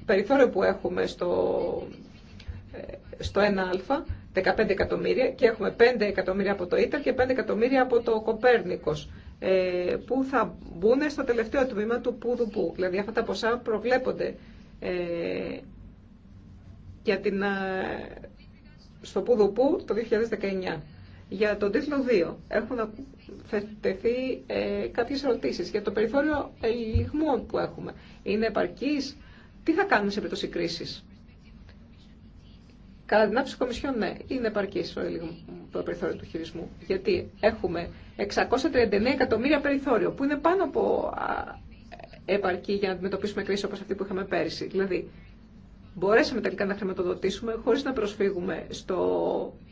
S2: περιθώριο που έχουμε στο, ε, στο 1α, 15 εκατομμύρια και έχουμε 5 εκατομμύρια από το ΙΤΕΡ και 5 εκατομμύρια από το Κοπέρνικος ε, που θα μπουν στο τελευταίο τμήμα του ΠΟΥΔΟΥΠΟΥ. Δηλαδή αυτά τα ποσά προβλέπονται ε, για την στο Πουδουπού το 2019. Για τον τίτλο 2 έχουν θεθεί ε, κάποιες ερωτήσεις για το περιθώριο ελιγμών που έχουμε. Είναι επαρκής. Τι θα κάνουμε σε περίπτωση κρίσης. Κατά την άποψη Κομισιόν, ναι, είναι επαρκή το περιθώριο του χειρισμού. Γιατί έχουμε 639 εκατομμύρια περιθώριο, που είναι πάνω από επαρκή για να αντιμετωπίσουμε κρίση όπω αυτή που είχαμε πέρυσι. Δηλαδή, μπορέσαμε τελικά να χρηματοδοτήσουμε χωρίς να προσφύγουμε στο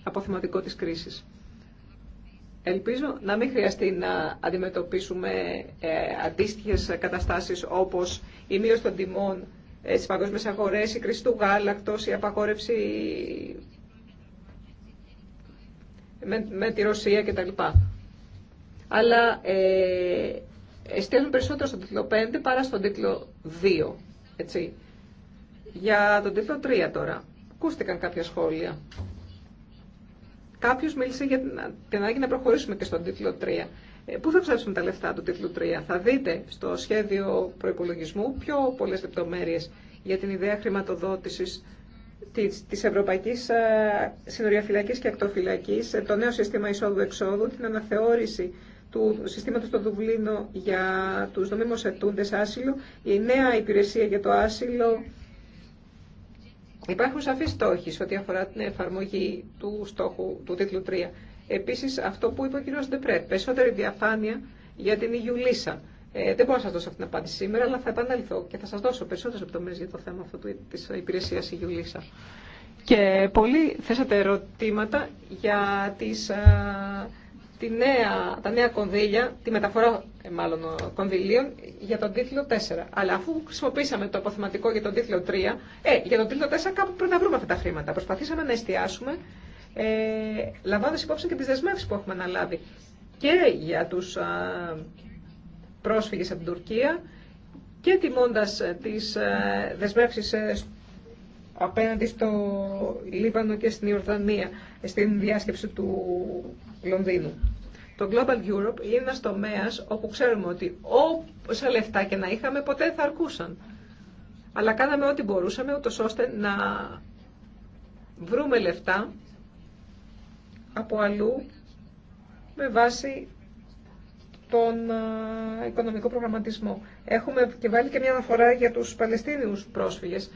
S2: αποθυματικό της κρίσης. Ελπίζω να μην χρειαστεί να αντιμετωπίσουμε ε, αντίστοιχες καταστάσεις όπως η μείωση των τιμών ε, στις παγκόσμιες αγορές, η κρίση του γάλακτος, η απαγόρευση με, με τη Ρωσία κτλ. Αλλά ε, περισσότερο στον τίτλο 5 παρά στον τίτλο 2. Για τον τίτλο 3 τώρα. Ακούστηκαν κάποια σχόλια. Κάποιο μίλησε για την ανάγκη να προχωρήσουμε και στον τίτλο 3. Ε, πού θα ψάξουμε τα λεφτά του τίτλου 3. Θα δείτε στο σχέδιο προπολογισμού πιο πολλέ λεπτομέρειε για την ιδέα χρηματοδότηση τη Ευρωπαϊκή ε, συνοριαφυλακή και ακτοφυλακή, ε, το νέο σύστημα εισόδου-εξόδου, την αναθεώρηση του συστήματος στο Δουβλίνο για τους νομίμως ετούντες άσυλο, η νέα υπηρεσία για το άσυλο Υπάρχουν σαφείς στόχοι σε ό,τι αφορά την εφαρμογή του στόχου του τίτλου 3. Επίσης, αυτό που είπε ο κ. Ντεπρέ, περισσότερη διαφάνεια για την Ιουλίσα. Ε, δεν μπορώ να σας δώσω αυτή την απάντηση σήμερα, αλλά θα επανέλθω και θα σας δώσω περισσότερες λεπτομέρειες για το θέμα αυτό της υπηρεσίας Ιουλίσα. Και πολλοί θέσατε ερωτήματα για τις ε, τη νέα, τα νέα κονδύλια, τη μεταφορά ε, μάλλον κονδυλίων για τον τίτλο 4. Αλλά αφού χρησιμοποίησαμε το αποθεματικό για τον τίτλο 3, ε, για τον τίτλο 4 κάπου πρέπει να βρούμε αυτά τα χρήματα. Προσπαθήσαμε να εστιάσουμε, ε, λαμβάνοντας υπόψη και τι δεσμεύσει που έχουμε αναλάβει και για του πρόσφυγε από την Τουρκία και τιμώντα ε, τι ε, δεσμεύσει απέναντι στο Λίβανο και στην Ιορδανία στην διάσκεψη του Λονδίνου. Το Global Europe είναι ένα τομέα όπου ξέρουμε ότι όσα λεφτά και να είχαμε ποτέ θα αρκούσαν. Αλλά κάναμε ό,τι μπορούσαμε ούτω ώστε να βρούμε λεφτά από αλλού με βάση τον οικονομικό προγραμματισμό. Έχουμε και βάλει και μια αναφορά για τους Παλαιστίνιους πρόσφυγες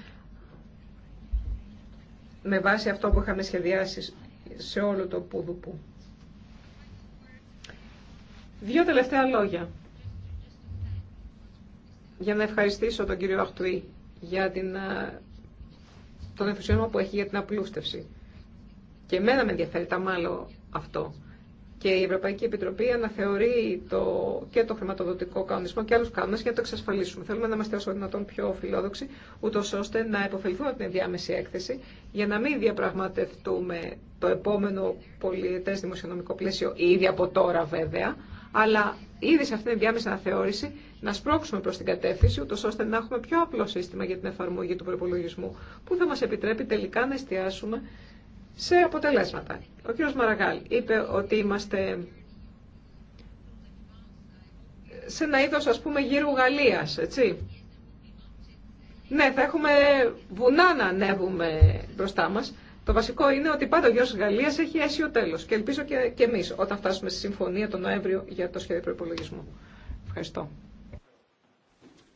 S2: με βάση αυτό που είχαμε σχεδιάσει σε όλο το πουδουπού. Δύο τελευταία λόγια. Για να ευχαριστήσω τον κύριο Αχτουή για την, ε, τον ενθουσιασμό που έχει για την απλούστευση. Και εμένα με ενδιαφέρει τα μάλλον αυτό. Και η Ευρωπαϊκή Επιτροπή αναθεωρεί το, και το χρηματοδοτικό κανονισμό και άλλου κανόνε για να το εξασφαλίσουμε. Θέλουμε να είμαστε όσο δυνατόν πιο φιλόδοξοι, ούτω ώστε να υποφελθούμε από την διάμεση έκθεση για να μην διαπραγματευτούμε το επόμενο πολιετέ δημοσιονομικό πλαίσιο ήδη από τώρα βέβαια, αλλά ήδη σε αυτήν την διάμεσα θεώρηση να σπρώξουμε προ την κατεύθυνση, ούτω ώστε να έχουμε πιο απλό σύστημα για την εφαρμογή του προπολογισμού, που θα μα επιτρέπει τελικά να εστιάσουμε σε αποτελέσματα. Ο κ. Μαραγκάλ είπε ότι είμαστε σε ένα είδος ας πούμε γύρου Γαλλίας, έτσι. Ναι, θα έχουμε βουνά να ανέβουμε μπροστά μας, το βασικό είναι ότι πάντα ο γιος της έχει αίσιο τέλος και ελπίζω και, και εμείς όταν φτάσουμε στη συμφωνία τον Νοέμβριο για το σχέδιο
S1: προπολογισμού. Ευχαριστώ.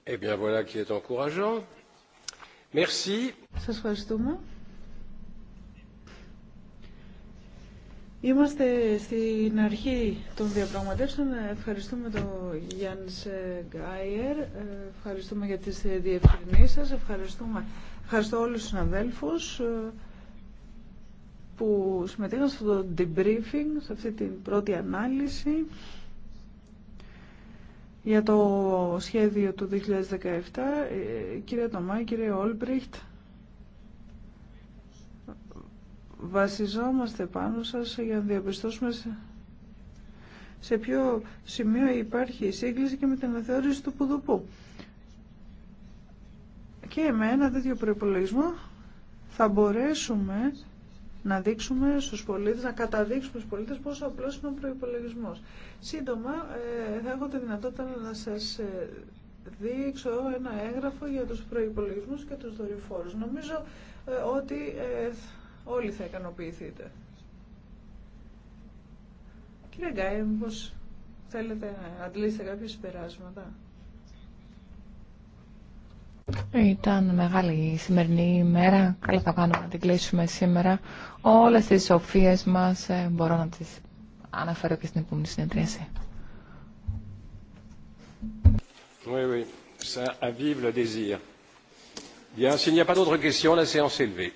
S1: Eh bien, voilà qui est encourageant. Merci. ευχαριστούμε. Είμαστε στην αρχή των διαπραγματεύσεων. Ευχαριστούμε τον Γιάννη Γκάιερ. Ευχαριστούμε για τις διευκρινήσεις σας. Ευχαριστούμε. Ευχαριστώ όλους τους συναδέλφους που συμμετείχαν σε αυτό το debriefing, σε αυτή την πρώτη ανάλυση για το σχέδιο του 2017, ε, κύριε Τωμά, κύριε Όλμπριχτ, βασιζόμαστε πάνω σας για να διαπιστώσουμε σε ποιο σημείο υπάρχει η σύγκληση και με την αναθεώρηση του Πουδουπού. Και με ένα τέτοιο προπολογισμό θα μπορέσουμε να δείξουμε στους πολίτες, να καταδείξουμε στους πολίτες πόσο απλός είναι ο προϋπολογισμός. Σύντομα ε, θα έχω τη δυνατότητα να σας ε, δείξω ένα έγγραφο για τους προϋπολογισμούς και τους δορυφόρους. Νομίζω ε, ότι όλοι θα ικανοποιηθείτε. Κύριε Γκάι, μήπως θέλετε να αντλήσετε κάποια περάσματα.
S3: Ήταν μεγάλη η σημερινή ημέρα. Καλά θα κάνουμε να την κλείσουμε σήμερα. Όλες τις σοφίες μας ε, μπορώ να τις αναφέρω και στην επόμενη συνεδρίαση.
S1: Oui, oui. Ça avive le désir. Bien, s'il n'y a pas d'autres questions, la séance est levée.